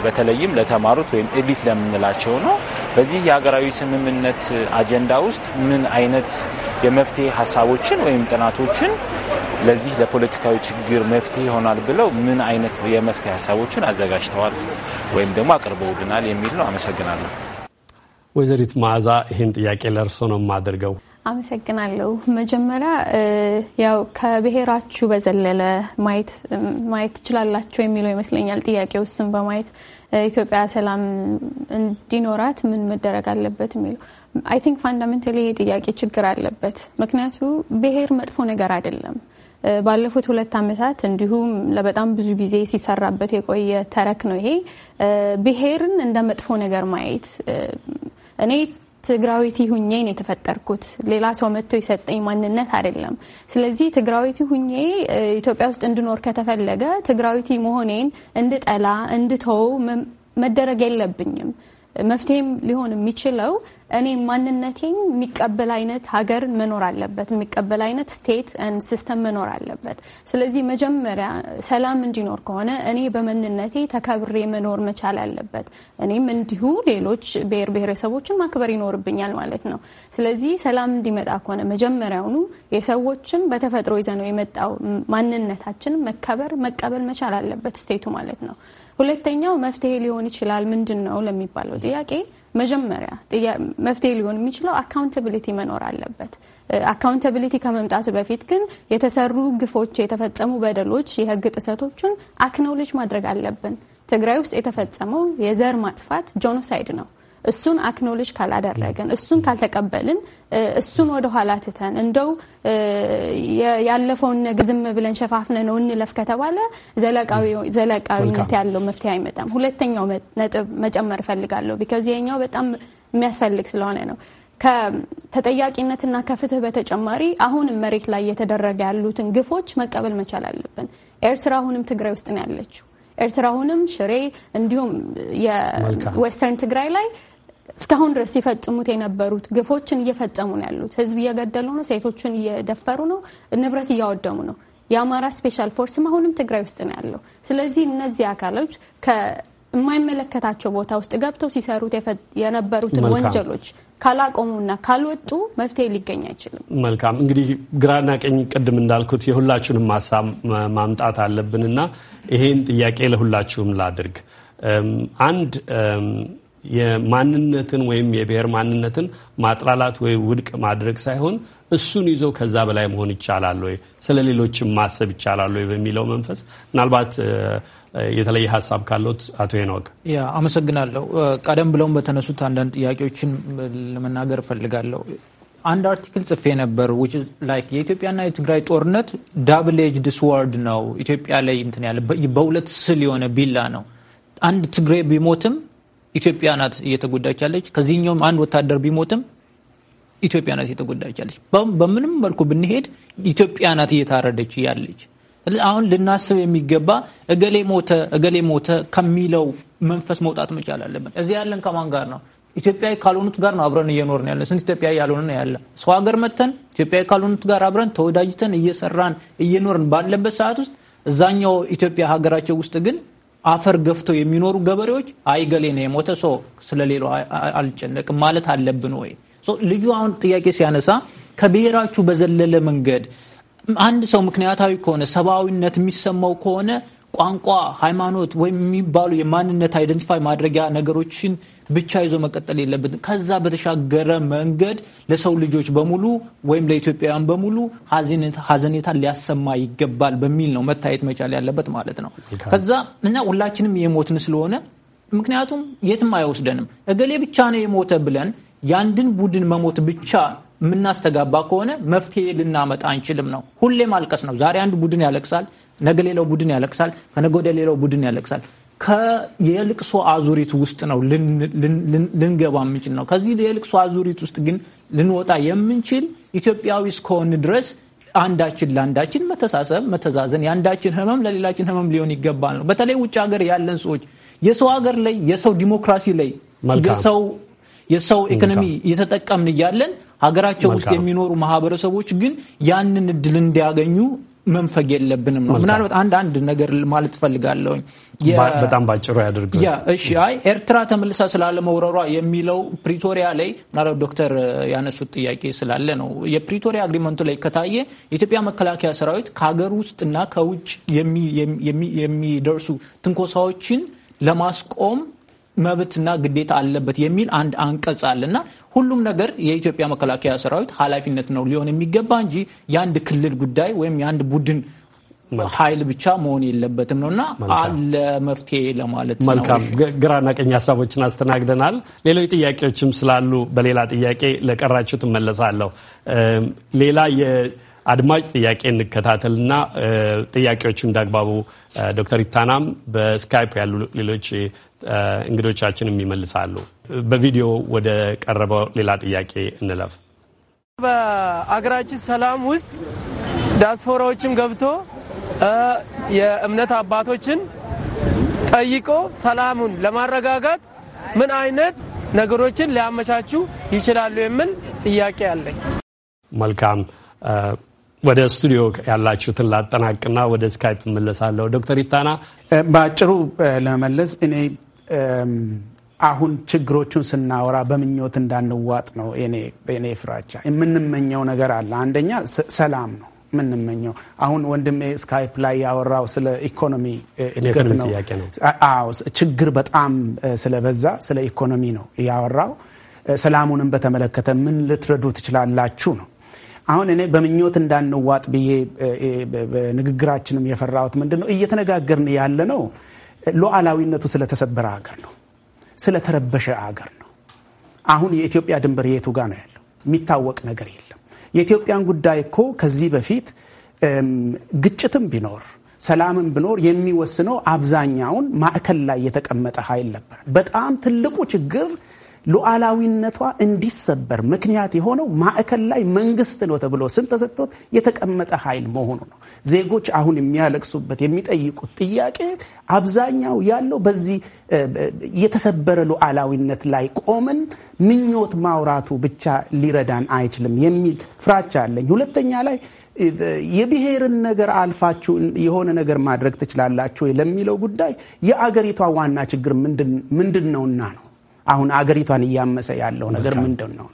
Speaker 12: በተለይም ለተማሩት ወይም ኤሊት ለምንላቸው ነው። በዚህ የሀገራዊ ስምምነት አጀንዳ ውስጥ ምን አይነት የመፍትሄ ሀሳቦችን ወይም ጥናቶችን ለዚህ ለፖለቲካዊ ችግር መፍትሄ ይሆናል ብለው ምን አይነት የመፍትሄ ሀሳቦችን አዘጋጅተዋል ወይም ደግሞ አቅርበውልናል የሚል ነው። አመሰግናለሁ።
Speaker 3: ወይዘሪት መዓዛ ይህን ጥያቄ ለእርሶ ነው የማደርገው።
Speaker 6: አመሰግናለሁ። መጀመሪያ ያው ከብሔራችሁ በዘለለ ማየት ማየት ትችላላችሁ የሚለው ይመስለኛል ጥያቄው። እሱን በማየት ኢትዮጵያ ሰላም እንዲኖራት ምን መደረግ አለበት የሚለው አይ ቲንክ ፋንዳሜንታሊ ጥያቄ ችግር አለበት። ምክንያቱ ብሔር መጥፎ ነገር አይደለም። ባለፉት ሁለት ዓመታት እንዲሁም ለበጣም ብዙ ጊዜ ሲሰራበት የቆየ ተረክ ነው ይሄ ብሔርን እንደ መጥፎ ነገር ማየት እኔ ትግራዊቲ ሁኜ ነው የተፈጠርኩት። ሌላ ሰው መጥቶ የሰጠኝ ማንነት አይደለም። ስለዚህ ትግራዊቲ ሁኜ ኢትዮጵያ ውስጥ እንድኖር ከተፈለገ ትግራዊቲ መሆኔን እንድጠላ እንድተው መደረግ የለብኝም። መፍትሄም ሊሆን የሚችለው እኔ ማንነቴን የሚቀበል አይነት ሀገር መኖር አለበት፣ የሚቀበል አይነት ስቴት ኤንድ ሲስተም መኖር አለበት። ስለዚህ መጀመሪያ ሰላም እንዲኖር ከሆነ እኔ በማንነቴ ተከብሬ መኖር መቻል አለበት። እኔም እንዲሁ ሌሎች ብሔር ብሔረሰቦችን ማክበር ይኖርብኛል ማለት ነው። ስለዚህ ሰላም እንዲመጣ ከሆነ መጀመሪያውኑ የሰዎችን በተፈጥሮ ይዘነው የመጣው ማንነታችን መከበር መቀበል መቻል አለበት ስቴቱ ማለት ነው። ሁለተኛው መፍትሄ ሊሆን ይችላል ምንድን ነው ለሚባለው ጥያቄ መጀመሪያ መፍትሄ ሊሆን የሚችለው አካውንታብሊቲ መኖር አለበት። አካውንታብሊቲ ከመምጣቱ በፊት ግን የተሰሩ ግፎች፣ የተፈጸሙ በደሎች፣ የህግ ጥሰቶችን አክኖሌጅ ማድረግ አለብን። ትግራይ ውስጥ የተፈጸመው የዘር ማጥፋት ጆኖሳይድ ነው። እሱን አክኖሎጅ ካላደረግን እሱን ካልተቀበልን እሱን ወደ ኋላ ትተን እንደው ያለፈውን ነገ ዝም ብለን ሸፋፍነ ነው እንለፍ ከተባለ ዘለቃዊነት ያለው መፍትሄ አይመጣም። ሁለተኛው ነጥብ መጨመር እፈልጋለሁ ቢካዝ ይሄኛው በጣም የሚያስፈልግ ስለሆነ ነው። ከተጠያቂነትና ከፍትህ በተጨማሪ አሁንም መሬት ላይ እየተደረገ ያሉትን ግፎች መቀበል መቻል አለብን። ኤርትራ አሁንም ትግራይ ውስጥ ነው ያለችው። ኤርትራ አሁንም ሽሬ እንዲሁም የዌስተርን ትግራይ ላይ እስካሁን ድረስ ሲፈጽሙት የነበሩት ግፎችን እየፈጸሙ ነው ያሉት። ህዝብ እየገደሉ ነው፣ ሴቶችን እየደፈሩ ነው፣ ንብረት እያወደሙ ነው። የአማራ ስፔሻል ፎርስም አሁንም ትግራይ ውስጥ ነው ያለው። ስለዚህ እነዚህ አካሎች የማይመለከታቸው ቦታ ውስጥ ገብተው ሲሰሩት የነበሩትን ወንጀሎች ካላቆሙና ካልወጡ መፍትሄ ሊገኝ አይችልም።
Speaker 3: መልካም እንግዲህ ግራና ቀኝ ቅድም እንዳልኩት የሁላችሁንም ሀሳብ ማምጣት አለብንና ይሄን ጥያቄ ለሁላችሁም ላድርግ። አንድ የማንነትን ወይም የብሔር ማንነትን ማጥላላት ወይ ውድቅ ማድረግ ሳይሆን እሱን ይዞ ከዛ በላይ መሆን ይቻላል ወይ፣ ስለ ሌሎችም ማሰብ ይቻላል ወይ በሚለው መንፈስ ምናልባት የተለየ ሀሳብ ካለት አቶ ሄኖክ።
Speaker 8: አመሰግናለሁ። ቀደም ብለውም በተነሱት አንዳንድ ጥያቄዎችን ለመናገር እፈልጋለሁ። አንድ አርቲክል ጽፌ ነበር ላይክ የኢትዮጵያና የትግራይ ጦርነት ዳብል ኤጅድ ስዋርድ ነው። ኢትዮጵያ ላይ እንትን ያለ በሁለት ስል የሆነ ቢላ ነው። አንድ ትግሬ ቢሞትም ኢትዮጵያ ናት እየተጎዳች ያለች። ከዚህኛውም አንድ ወታደር ቢሞትም ኢትዮጵያ ናት እየተጎዳች ያለች። በምንም መልኩ ብንሄድ ኢትዮጵያ ናት እየታረደች ያለች። አሁን ልናስብ የሚገባ እገሌ ሞተ እገሌ ሞተ ከሚለው መንፈስ መውጣት መቻል አለብን። እዚህ ያለን ከማን ጋር ነው? ኢትዮጵያዊ ካልሆኑት ጋር ነው አብረን እየኖር ነው ያለ። ስንት ኢትዮጵያዊ ያልሆነ ነው ያለ። ሰው ሀገር መተን ኢትዮጵያዊ ካልሆኑት ጋር አብረን ተወዳጅተን እየሰራን እየኖርን ባለበት ሰዓት ውስጥ እዛኛው ኢትዮጵያ ሀገራቸው ውስጥ ግን አፈር ገፍተው የሚኖሩ ገበሬዎች አይገሌ ነው የሞተ ሰው ስለሌሎ አልጨነቅም ማለት አለብን ወይ? ልዩ አሁን ጥያቄ ሲያነሳ ከብሔራችሁ በዘለለ መንገድ አንድ ሰው ምክንያታዊ ከሆነ ሰብአዊነት የሚሰማው ከሆነ ቋንቋ፣ ሃይማኖት ወይም የሚባሉ የማንነት አይደንቲፋይ ማድረጊያ ነገሮችን ብቻ ይዞ መቀጠል የለብን። ከዛ በተሻገረ መንገድ ለሰው ልጆች በሙሉ ወይም ለኢትዮጵያውያን በሙሉ ሀዘኔታ ሊያሰማ ይገባል በሚል ነው መታየት መቻል ያለበት ማለት ነው። ከዛ እና ሁላችንም የሞትን ስለሆነ ምክንያቱም የትም አይወስደንም። እገሌ ብቻ ነው የሞተ ብለን የአንድን ቡድን መሞት ብቻ የምናስተጋባ ከሆነ መፍትሄ ልናመጣ አንችልም ነው። ሁሌ ማልቀስ ነው። ዛሬ አንድ ቡድን ያለቅሳል፣ ነገ ሌላው ቡድን ያለቅሳል፣ ከነገ ወደ ሌላው ቡድን ያለቅሳል። የልቅሶ አዙሪት ውስጥ ነው ልንገባ የምንችል ነው። ከዚህ የልቅሶ አዙሪት ውስጥ ግን ልንወጣ የምንችል ኢትዮጵያዊ እስከሆን ድረስ አንዳችን ለአንዳችን መተሳሰብ፣ መተዛዘን፣ የአንዳችን ህመም ለሌላችን ህመም ሊሆን ይገባል ነው። በተለይ ውጭ ሀገር ያለን ሰዎች የሰው ሀገር ላይ የሰው ዲሞክራሲ ላይ የሰው ኢኮኖሚ እየተጠቀምን እያለን ሀገራቸው ውስጥ የሚኖሩ ማህበረሰቦች ግን ያንን እድል እንዲያገኙ መንፈግ የለብንም ነው። ምናልባት አንድ አንድ ነገር ማለት እፈልጋለሁኝ። በጣም ባጭሩ እሺ፣ አይ ኤርትራ ተመልሳ ስላለመውረሯ የሚለው ፕሪቶሪያ ላይ ምናልባት ዶክተር ያነሱት ጥያቄ ስላለ ነው። የፕሪቶሪያ አግሪመንቱ ላይ ከታየ የኢትዮጵያ መከላከያ ሰራዊት ከሀገር ውስጥና ከውጭ የሚደርሱ ትንኮሳዎችን ለማስቆም መብትና ግዴታ አለበት የሚል አንድ አንቀጽ አለና ሁሉም ነገር የኢትዮጵያ መከላከያ ሰራዊት ኃላፊነት ነው ሊሆን የሚገባ እንጂ የአንድ ክልል ጉዳይ ወይም የአንድ ቡድን ኃይል ብቻ መሆን የለበትም ነውና
Speaker 3: አለ መፍትሄ ለማለት ነው። መልካም ግራና ቀኝ ሀሳቦችን አስተናግደናል። ሌሎች ጥያቄዎችም ስላሉ በሌላ ጥያቄ ለቀራችሁ ትመለሳለሁ። ሌላ አድማጭ ጥያቄ እንከታተልና ጥያቄዎቹ እንዳግባቡ ዶክተር ኢታናም በስካይፕ ያሉ ሌሎች እንግዶቻችንም ይመልሳሉ። በቪዲዮ ወደ ቀረበው ሌላ ጥያቄ እንለፍ።
Speaker 10: በአገራችን ሰላም ውስጥ ዲያስፖራዎችም ገብቶ የእምነት አባቶችን ጠይቆ ሰላሙን ለማረጋጋት ምን አይነት ነገሮችን ሊያመቻቹ ይችላሉ የሚል
Speaker 8: ጥያቄ አለኝ።
Speaker 3: መልካም ወደ ስቱዲዮ ያላችሁትን ላጠናቅና ወደ ስካይፕ እመለሳለሁ። ዶክተር ኢታና በአጭሩ ለመመለስ እኔ
Speaker 9: አሁን ችግሮቹን ስናወራ በምኞት እንዳንዋጥ ነው እኔ ፍራቻ። የምንመኘው ነገር አለ። አንደኛ ሰላም ነው የምንመኘው። አሁን ወንድሜ ስካይፕ ላይ ያወራው ስለ ኢኮኖሚ እድገት ነው። አዎ ችግር በጣም ስለበዛ ስለ ኢኮኖሚ ነው ያወራው። ሰላሙንም በተመለከተ ምን ልትረዱ ትችላላችሁ ነው አሁን እኔ በምኞት እንዳንዋጥ ብዬ በንግግራችንም የፈራሁት ምንድን ነው እየተነጋገርን ያለ ነው ሉዓላዊነቱ ስለተሰበረ ሀገር ነው፣ ስለተረበሸ ሀገር ነው። አሁን የኢትዮጵያ ድንበር የቱ ጋር ነው ያለው? የሚታወቅ ነገር የለም። የኢትዮጵያን ጉዳይ እኮ ከዚህ በፊት ግጭትም ቢኖር ሰላምን ቢኖር የሚወስነው አብዛኛውን ማዕከል ላይ የተቀመጠ ኃይል ነበር። በጣም ትልቁ ችግር ሉዓላዊነቷ እንዲሰበር ምክንያት የሆነው ማዕከል ላይ መንግስት ነው ተብሎ ስም ተሰጥቶት የተቀመጠ ኃይል መሆኑ ነው። ዜጎች አሁን የሚያለቅሱበት የሚጠይቁት ጥያቄ አብዛኛው ያለው በዚህ የተሰበረ ሉዓላዊነት ላይ ቆመን ምኞት ማውራቱ ብቻ ሊረዳን አይችልም የሚል ፍራቻ አለኝ። ሁለተኛ ላይ የብሔርን ነገር አልፋችሁ የሆነ ነገር ማድረግ ትችላላችሁ ለሚለው ጉዳይ የአገሪቷ ዋና ችግር ምንድን ነውና ነው አሁን አገሪቷን እያመሰ ያለው ነገር ምንድን ነው።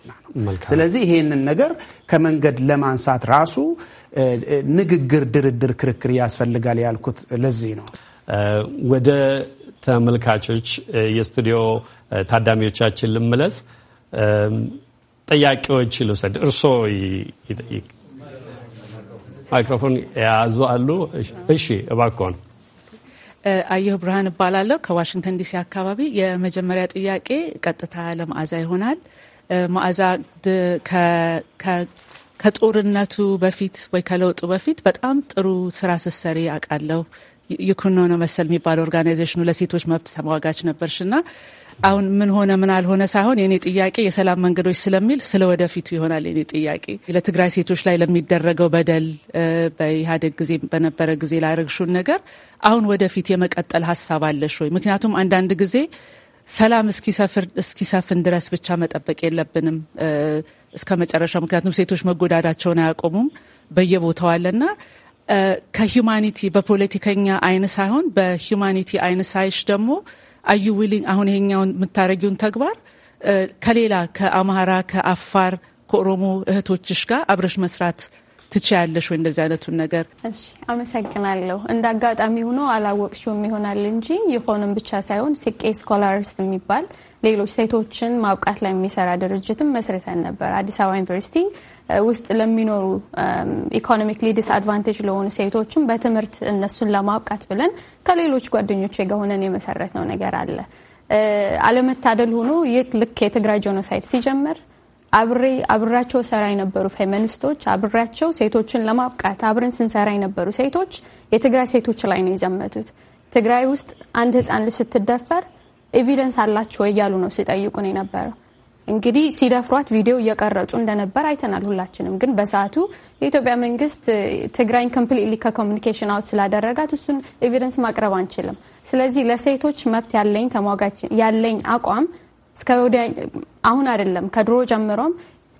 Speaker 9: ስለዚህ ይሄንን ነገር ከመንገድ ለማንሳት ራሱ ንግግር፣ ድርድር፣ ክርክር
Speaker 3: ያስፈልጋል ያልኩት ለዚህ ነው። ወደ ተመልካቾች የስቱዲዮ ታዳሚዎቻችን ልመለስ። ጥያቄዎች ልውሰድ። እርስዎ ማይክሮፎን የያዙ አሉ? እሺ፣ እባክዎን
Speaker 13: አየሁ ብርሃን እባላለሁ ከዋሽንግተን ዲሲ አካባቢ። የመጀመሪያ ጥያቄ ቀጥታ ለመዓዛ ይሆናል። ማዕዛ ከጦርነቱ በፊት ወይ ከለውጡ በፊት በጣም ጥሩ ስራ ስትሰሪ አውቃለሁ። ይኩኖ ነው መሰል የሚባለው ኦርጋናይዜሽኑ ለሴቶች መብት ተሟጋች ነበርሽ እና አሁን ምን ሆነ ምን አልሆነ ሳይሆን የኔ ጥያቄ የሰላም መንገዶች ስለሚል ስለ ወደፊቱ ይሆናል የኔ ጥያቄ። ለትግራይ ሴቶች ላይ ለሚደረገው በደል በኢህአዴግ ጊዜ በነበረ ጊዜ ላረግሹን ነገር አሁን ወደፊት የመቀጠል ሀሳብ አለሽ ወይ? ምክንያቱም አንዳንድ ጊዜ ሰላም እስኪሰፍን ድረስ ብቻ መጠበቅ የለብንም እስከ መጨረሻ። ምክንያቱም ሴቶች መጎዳዳቸውን አያቆሙም በየቦታው አለና ከሂዩማኒቲ በፖለቲከኛ አይን ሳይሆን በሂዩማኒቲ አይን ሳይሽ ደግሞ አዩ ዊሊንግ አሁን ይሄኛውን የምታረጊውን ተግባር ከሌላ ከአማራ ከአፋር ከኦሮሞ እህቶችሽ ጋር አብረሽ መስራት ትችያለሽ ወይ? እንደዚህ አይነቱን ነገር።
Speaker 6: እሺ፣ አመሰግናለሁ። እንደ አጋጣሚ ሆኖ አላወቅሽውም ይሆናል እንጂ ይሆንም ብቻ ሳይሆን ስቄ ስኮላርስ የሚባል ሌሎች ሴቶችን ማብቃት ላይ የሚሰራ ድርጅትም መስርተን ነበር። አዲስ አበባ ዩኒቨርሲቲ ውስጥ ለሚኖሩ ኢኮኖሚክሊ ዲስአድቫንቴጅ ለሆኑ ሴቶችም በትምህርት እነሱን ለማብቃት ብለን ከሌሎች ጓደኞች ጋር ሆነን የመሰረትነው ነገር አለ። አለመታደል ሆኖ ይህ ልክ የትግራይ ጄኖሳይድ ሲጀመር አብሬ አብራቸው ሰራ የነበሩ ፌሚኒስቶች አብራቸው ሴቶችን ለማብቃት አብረን ስንሰራ የነበሩ ሴቶች የትግራይ ሴቶች ላይ ነው የዘመቱት። ትግራይ ውስጥ አንድ ሕፃን ልጅ ስትደፈር ኤቪደንስ አላችሁ ወይ እያሉ ነው ሲጠይቁን የነበረው። እንግዲህ ሲደፍሯት ቪዲዮ እየቀረጹ እንደነበር አይተናል ሁላችንም። ግን በሰዓቱ የኢትዮጵያ መንግስት ትግራይን ኮምፕሊትሊ ከኮሚኒኬሽን አውት ስላደረጋት እሱን ኤቪደንስ ማቅረብ አንችልም። ስለዚህ ለሴቶች መብት ያለኝ ተሟጋች ያለኝ አቋም እስከ ወዲያ አሁን አይደለም ከድሮ ጀምሮም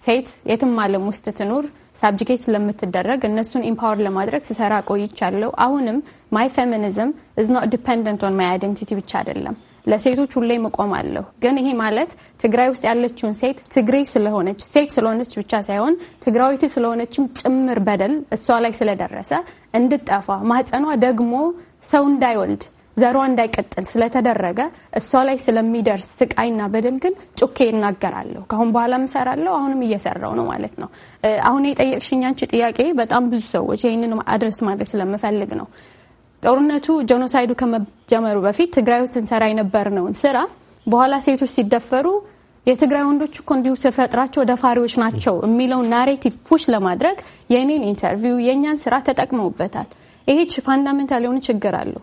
Speaker 6: ሴት የትም ዓለም ውስጥ ትኑር ሳብጅኬት ለምትደረግ እነሱን ኢምፓወር ለማድረግ ስሰራ ቆይቻለሁ። አሁንም ማይ ፌሚኒዝም ኢዝ ኖት ዲፐንደንት ኦን ማይ አይደንቲቲ ብቻ አይደለም ለሴቶች ሁሌ እቆማለሁ። ግን ይሄ ማለት ትግራይ ውስጥ ያለችውን ሴት ትግሬ ስለሆነች ሴት ስለሆነች ብቻ ሳይሆን ትግራዊት ስለሆነችም ጭምር በደል እሷ ላይ ስለደረሰ እንድጠፋ ማህፀኗ ደግሞ ሰው እንዳይወልድ ዘሯ እንዳይቀጥል ስለተደረገ እሷ ላይ ስለሚደርስ ስቃይና በደል ግን ጩኬ ይናገራለሁ። ከአሁን በኋላ ምሰራለሁ። አሁንም እየሰራው ነው ማለት ነው። አሁን የጠየቅሽኝ አንቺ ጥያቄ በጣም ብዙ ሰዎች ይህንን አድረስ ማለት ስለምፈልግ ነው። ጦርነቱ ጄኖሳይዱ ከመጀመሩ በፊት ትግራይ ውስጥ ስንሰራ የነበርነውን ስራ በኋላ ሴቶች ሲደፈሩ የትግራይ ወንዶች እኮ እንዲሁ ተፈጥራቸው ደፋሪዎች ናቸው የሚለውን ናሬቲቭ ፑሽ ለማድረግ የእኔን ኢንተርቪው የእኛን ስራ ተጠቅመውበታል። ይሄ ፋንዳሜንታል የሆነ ችግር አለው።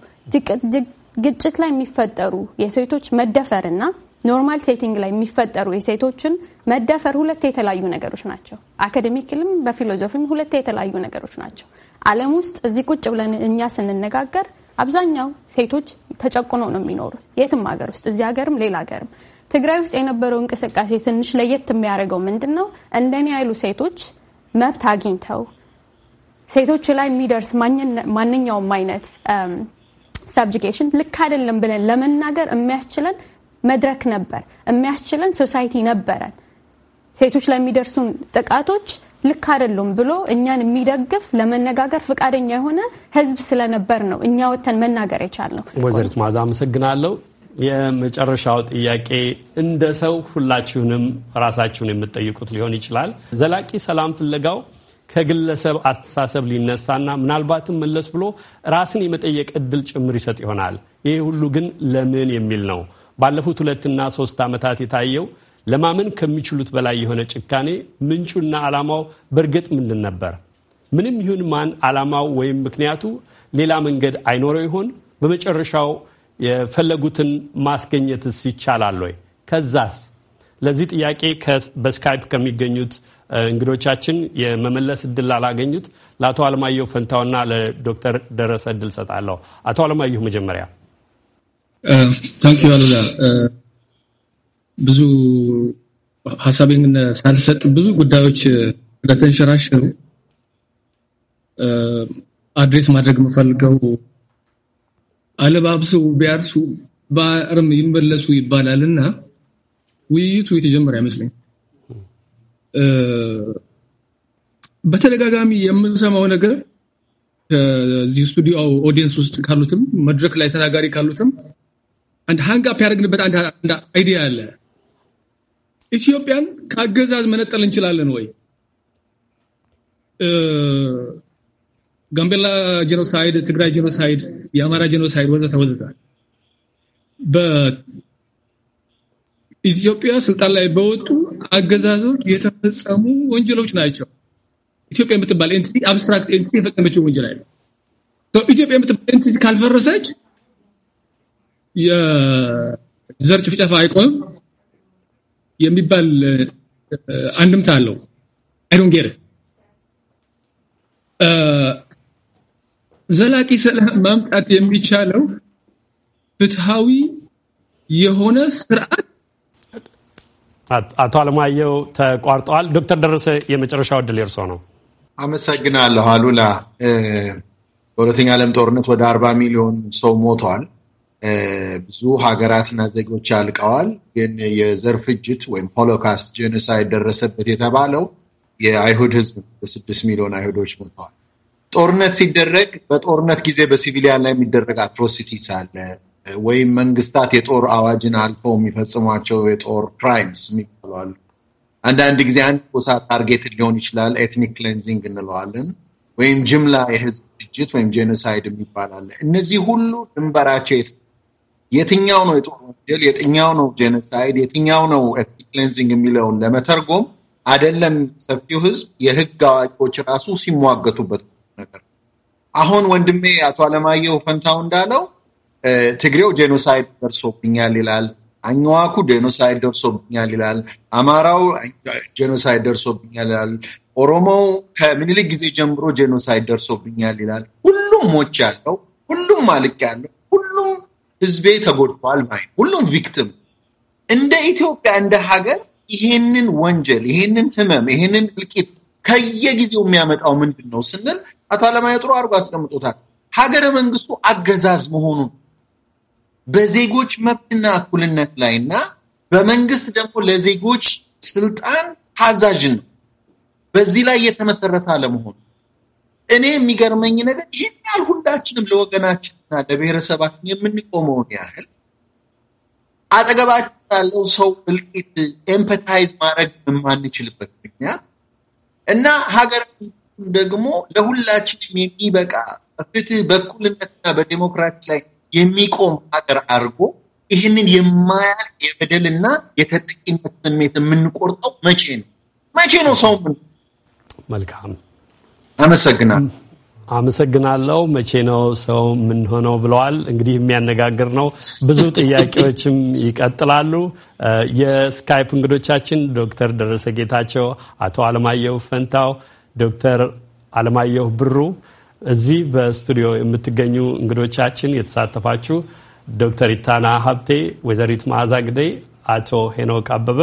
Speaker 6: ግጭት ላይ የሚፈጠሩ የሴቶች መደፈርና ኖርማል ሴቲንግ ላይ የሚፈጠሩ የሴቶችን መዳፈር ሁለት የተለያዩ ነገሮች ናቸው። አካዴሚክልም በፊሎዞፊም ሁለት የተለያዩ ነገሮች ናቸው። ዓለም ውስጥ እዚህ ቁጭ ብለን እኛ ስንነጋገር አብዛኛው ሴቶች ተጨቁኖ ነው የሚኖሩት የትም ሀገር ውስጥ እዚህ ሀገርም ሌላ ሀገርም። ትግራይ ውስጥ የነበረው እንቅስቃሴ ትንሽ ለየት የሚያደርገው ምንድን ነው? እንደኔ ያሉ ሴቶች መብት አግኝተው ሴቶች ላይ የሚደርስ ማንኛውም አይነት ሰብጅኬሽን ልክ አይደለም ብለን ለመናገር የሚያስችለን መድረክ ነበር፣ የሚያስችለን ሶሳይቲ ነበረን። ሴቶች ለሚደርሱን ጥቃቶች ልክ አይደሉም ብሎ እኛን የሚደግፍ ለመነጋገር ፈቃደኛ የሆነ ህዝብ ስለነበር ነው እኛ ወተን መናገር የቻልነው።
Speaker 3: ወይዘሪት ማዛ አመሰግናለሁ። የመጨረሻው ጥያቄ እንደ ሰው ሁላችሁንም ራሳችሁን የምትጠይቁት ሊሆን ይችላል። ዘላቂ ሰላም ፍለጋው ከግለሰብ አስተሳሰብ ሊነሳና ምናልባትም መለስ ብሎ ራስን የመጠየቅ እድል ጭምር ይሰጥ ይሆናል። ይህ ሁሉ ግን ለምን የሚል ነው። ባለፉት ሁለትና ሶስት ዓመታት የታየው ለማመን ከሚችሉት በላይ የሆነ ጭካኔ ምንጩና ዓላማው በእርግጥ ምንድን ነበር? ምንም ይሁን ማን ዓላማው ወይም ምክንያቱ ሌላ መንገድ አይኖረው ይሆን? በመጨረሻው የፈለጉትን ማስገኘትስ ይቻላል ወይ? ከዛስ? ለዚህ ጥያቄ በስካይፕ ከሚገኙት እንግዶቻችን የመመለስ እድል ላላገኙት ለአቶ አለማየሁ ፈንታውና ለዶክተር ደረሰ እድል ሰጣለሁ። አቶ አለማየሁ መጀመሪያ
Speaker 14: ታንኪ አሉላ ብዙ ሀሳቤን ሳልሰጥ ብዙ ጉዳዮች ስለተንሸራሸሩ አድሬስ ማድረግ የምፈልገው አለባብሱ ቢያርሱ በአርም ይመለሱ ይባላል እና ውይይቱ የተጀመረ አይመስለኝ። በተደጋጋሚ የምንሰማው ነገር ከዚህ ስቱዲዮ ኦዲየንስ ውስጥ ካሉትም መድረክ ላይ ተናጋሪ ካሉትም አንድ ሀንጋፕ ያደረግንበት አንድ አይዲያ አለ። ኢትዮጵያን ከአገዛዝ መነጠል እንችላለን ወይ? ጋምቤላ ጄኖሳይድ፣ ትግራይ ጀኖሳይድ የአማራ ጀኖሳይድ ወዘተ ወዘተ በኢትዮጵያ ስልጣን ላይ በወጡ አገዛዞች የተፈጸሙ ወንጀሎች ናቸው። ኢትዮጵያ የምትባል ኤንቲቲ አብስትራክት ኤንቲቲ የፈጸመችው ወንጀል አይደለም። ኢትዮጵያ የምትባል ኤንቲቲ ካልፈረሰች የዘር ጭፍጨፋ አይቆምም የሚባል አንድምታ አለው። አይዶንጌር ዘላቂ ሰላም ማምጣት የሚቻለው ፍትሃዊ የሆነ
Speaker 3: ስርዓት። አቶ አለማየሁ ተቋርጠዋል። ዶክተር ደረሰ የመጨረሻው እድል የእርሶ ነው።
Speaker 7: አመሰግናለሁ አሉላ። በሁለተኛ ዓለም ጦርነት ወደ አርባ ሚሊዮን ሰው ሞቷል። ብዙ ሀገራትና ዜጎች አልቀዋል። ግን የዘር ፍጅት ወይም ሆሎካስት ጄኖሳይድ ደረሰበት የተባለው የአይሁድ ህዝብ በስድስት ሚሊዮን አይሁዶች ሞተዋል። ጦርነት ሲደረግ በጦርነት ጊዜ በሲቪሊያን ላይ የሚደረግ አትሮሲቲስ አለ ወይም መንግስታት የጦር አዋጅን አልፈው የሚፈጽሟቸው የጦር ክራይምስ የሚባለዋል። አንዳንድ ጊዜ አንድ ጎሳ ታርጌት ሊሆን ይችላል። ኤትኒክ ክሌንዚንግ እንለዋለን። ወይም ጅምላ የህዝብ ፍጅት ወይም ጄኖሳይድ የሚባላለ እነዚህ ሁሉ ድንበራቸው የትኛው ነው የጦር ወንጀል፣ የትኛው ነው ጄኖሳይድ፣ የትኛው ነው ኤትኒክ ክሌንዚንግ የሚለውን ለመተርጎም አይደለም ሰፊው ህዝብ የህግ አዋቂዎች ራሱ ሲሟገቱበት ነገር አሁን ወንድሜ አቶ አለማየሁ ፈንታው እንዳለው ትግሬው ጄኖሳይድ ደርሶብኛል ይላል። አኝዋኩ ጄኖሳይድ ደርሶብኛል ይላል። አማራው ጄኖሳይድ ደርሶብኛል ይላል። ኦሮሞው ከምኒልክ ጊዜ ጀምሮ ጄኖሳይድ ደርሶብኛል ይላል። ሁሉም ሞች ያለው ሁሉም ማልቅ ያለው ህዝቤ ተጎድቷል ማለት ሁሉም ቪክቲም እንደ ኢትዮጵያ እንደ ሀገር ይሄንን ወንጀል ይሄንን ህመም ይሄንን እልቂት ከየጊዜው የሚያመጣው ምንድን ነው ስንል አቶ አለማየ ጥሩ አድርጎ አስቀምጦታል። ሀገረ መንግስቱ አገዛዝ መሆኑን በዜጎች መብትና እኩልነት ላይ እና በመንግስት ደግሞ ለዜጎች ስልጣን ታዛዥን ነው በዚህ ላይ የተመሰረተ አለመሆኑ እኔ የሚገርመኝ ነገር ይህን ያህል ሁላችንም ለወገናችንና ለብሔረሰባችን የምንቆመውን ያህል አጠገባችን ያለው ሰው እልቂት ኤምፐታይዝ ማድረግ የማንችልበት ምክንያት እና ሀገር ደግሞ ለሁላችንም የሚበቃ በፍትህ በእኩልነትና በዴሞክራሲ ላይ የሚቆም ሀገር አድርጎ ይህንን የማያል
Speaker 3: የበደልና የተጠቂነት ስሜት የምንቆርጠው መቼ ነው? መቼ ነው ሰው ምን መልካም አመሰግናል አመሰግናለሁ። መቼ ነው ሰው የምንሆነው ብለዋል። እንግዲህ የሚያነጋግር ነው። ብዙ ጥያቄዎችም ይቀጥላሉ። የስካይፕ እንግዶቻችን ዶክተር ደረሰ ጌታቸው፣ አቶ አለማየሁ ፈንታው፣ ዶክተር አለማየሁ ብሩ እዚህ በስቱዲዮ የምትገኙ እንግዶቻችን የተሳተፋችሁ ዶክተር ኢታና ሀብቴ፣ ወይዘሪት መዓዛ ግዴ፣ አቶ ሄኖክ አበበ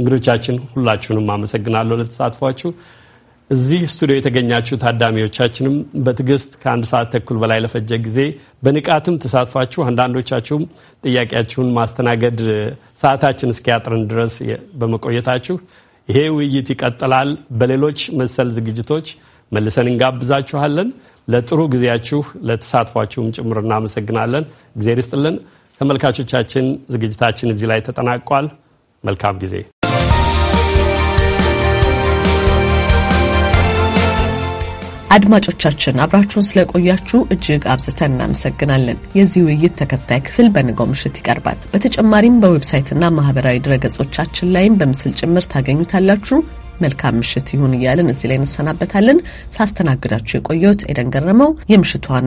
Speaker 3: እንግዶቻችን ሁላችሁንም አመሰግናለሁ ለተሳትፏችሁ። እዚህ ስቱዲዮ የተገኛችሁ ታዳሚዎቻችንም በትዕግስት ከአንድ ሰዓት ተኩል በላይ ለፈጀ ጊዜ በንቃትም ተሳትፏችሁ አንዳንዶቻችሁም ጥያቄያችሁን ማስተናገድ ሰዓታችን እስኪያጥርን ድረስ በመቆየታችሁ ይሄ ውይይት ይቀጥላል። በሌሎች መሰል ዝግጅቶች መልሰን እንጋብዛችኋለን። ለጥሩ ጊዜያችሁ ለተሳትፏችሁም ጭምር እናመሰግናለን። እግዜር ይስጥልን። ተመልካቾቻችን ዝግጅታችን እዚህ ላይ ተጠናቋል። መልካም ጊዜ
Speaker 1: አድማጮቻችን አብራችሁን ስለቆያችሁ እጅግ አብዝተን እናመሰግናለን። የዚህ ውይይት ተከታይ ክፍል በንጋው ምሽት ይቀርባል። በተጨማሪም በዌብሳይትና ማህበራዊ ድረገጾቻችን ላይም በምስል ጭምር ታገኙታላችሁ። መልካም ምሽት ይሁን እያለን እዚህ ላይ እንሰናበታለን። ሳስተናግዳችሁ የቆየሁት ኤደን ገረመው የምሽቷን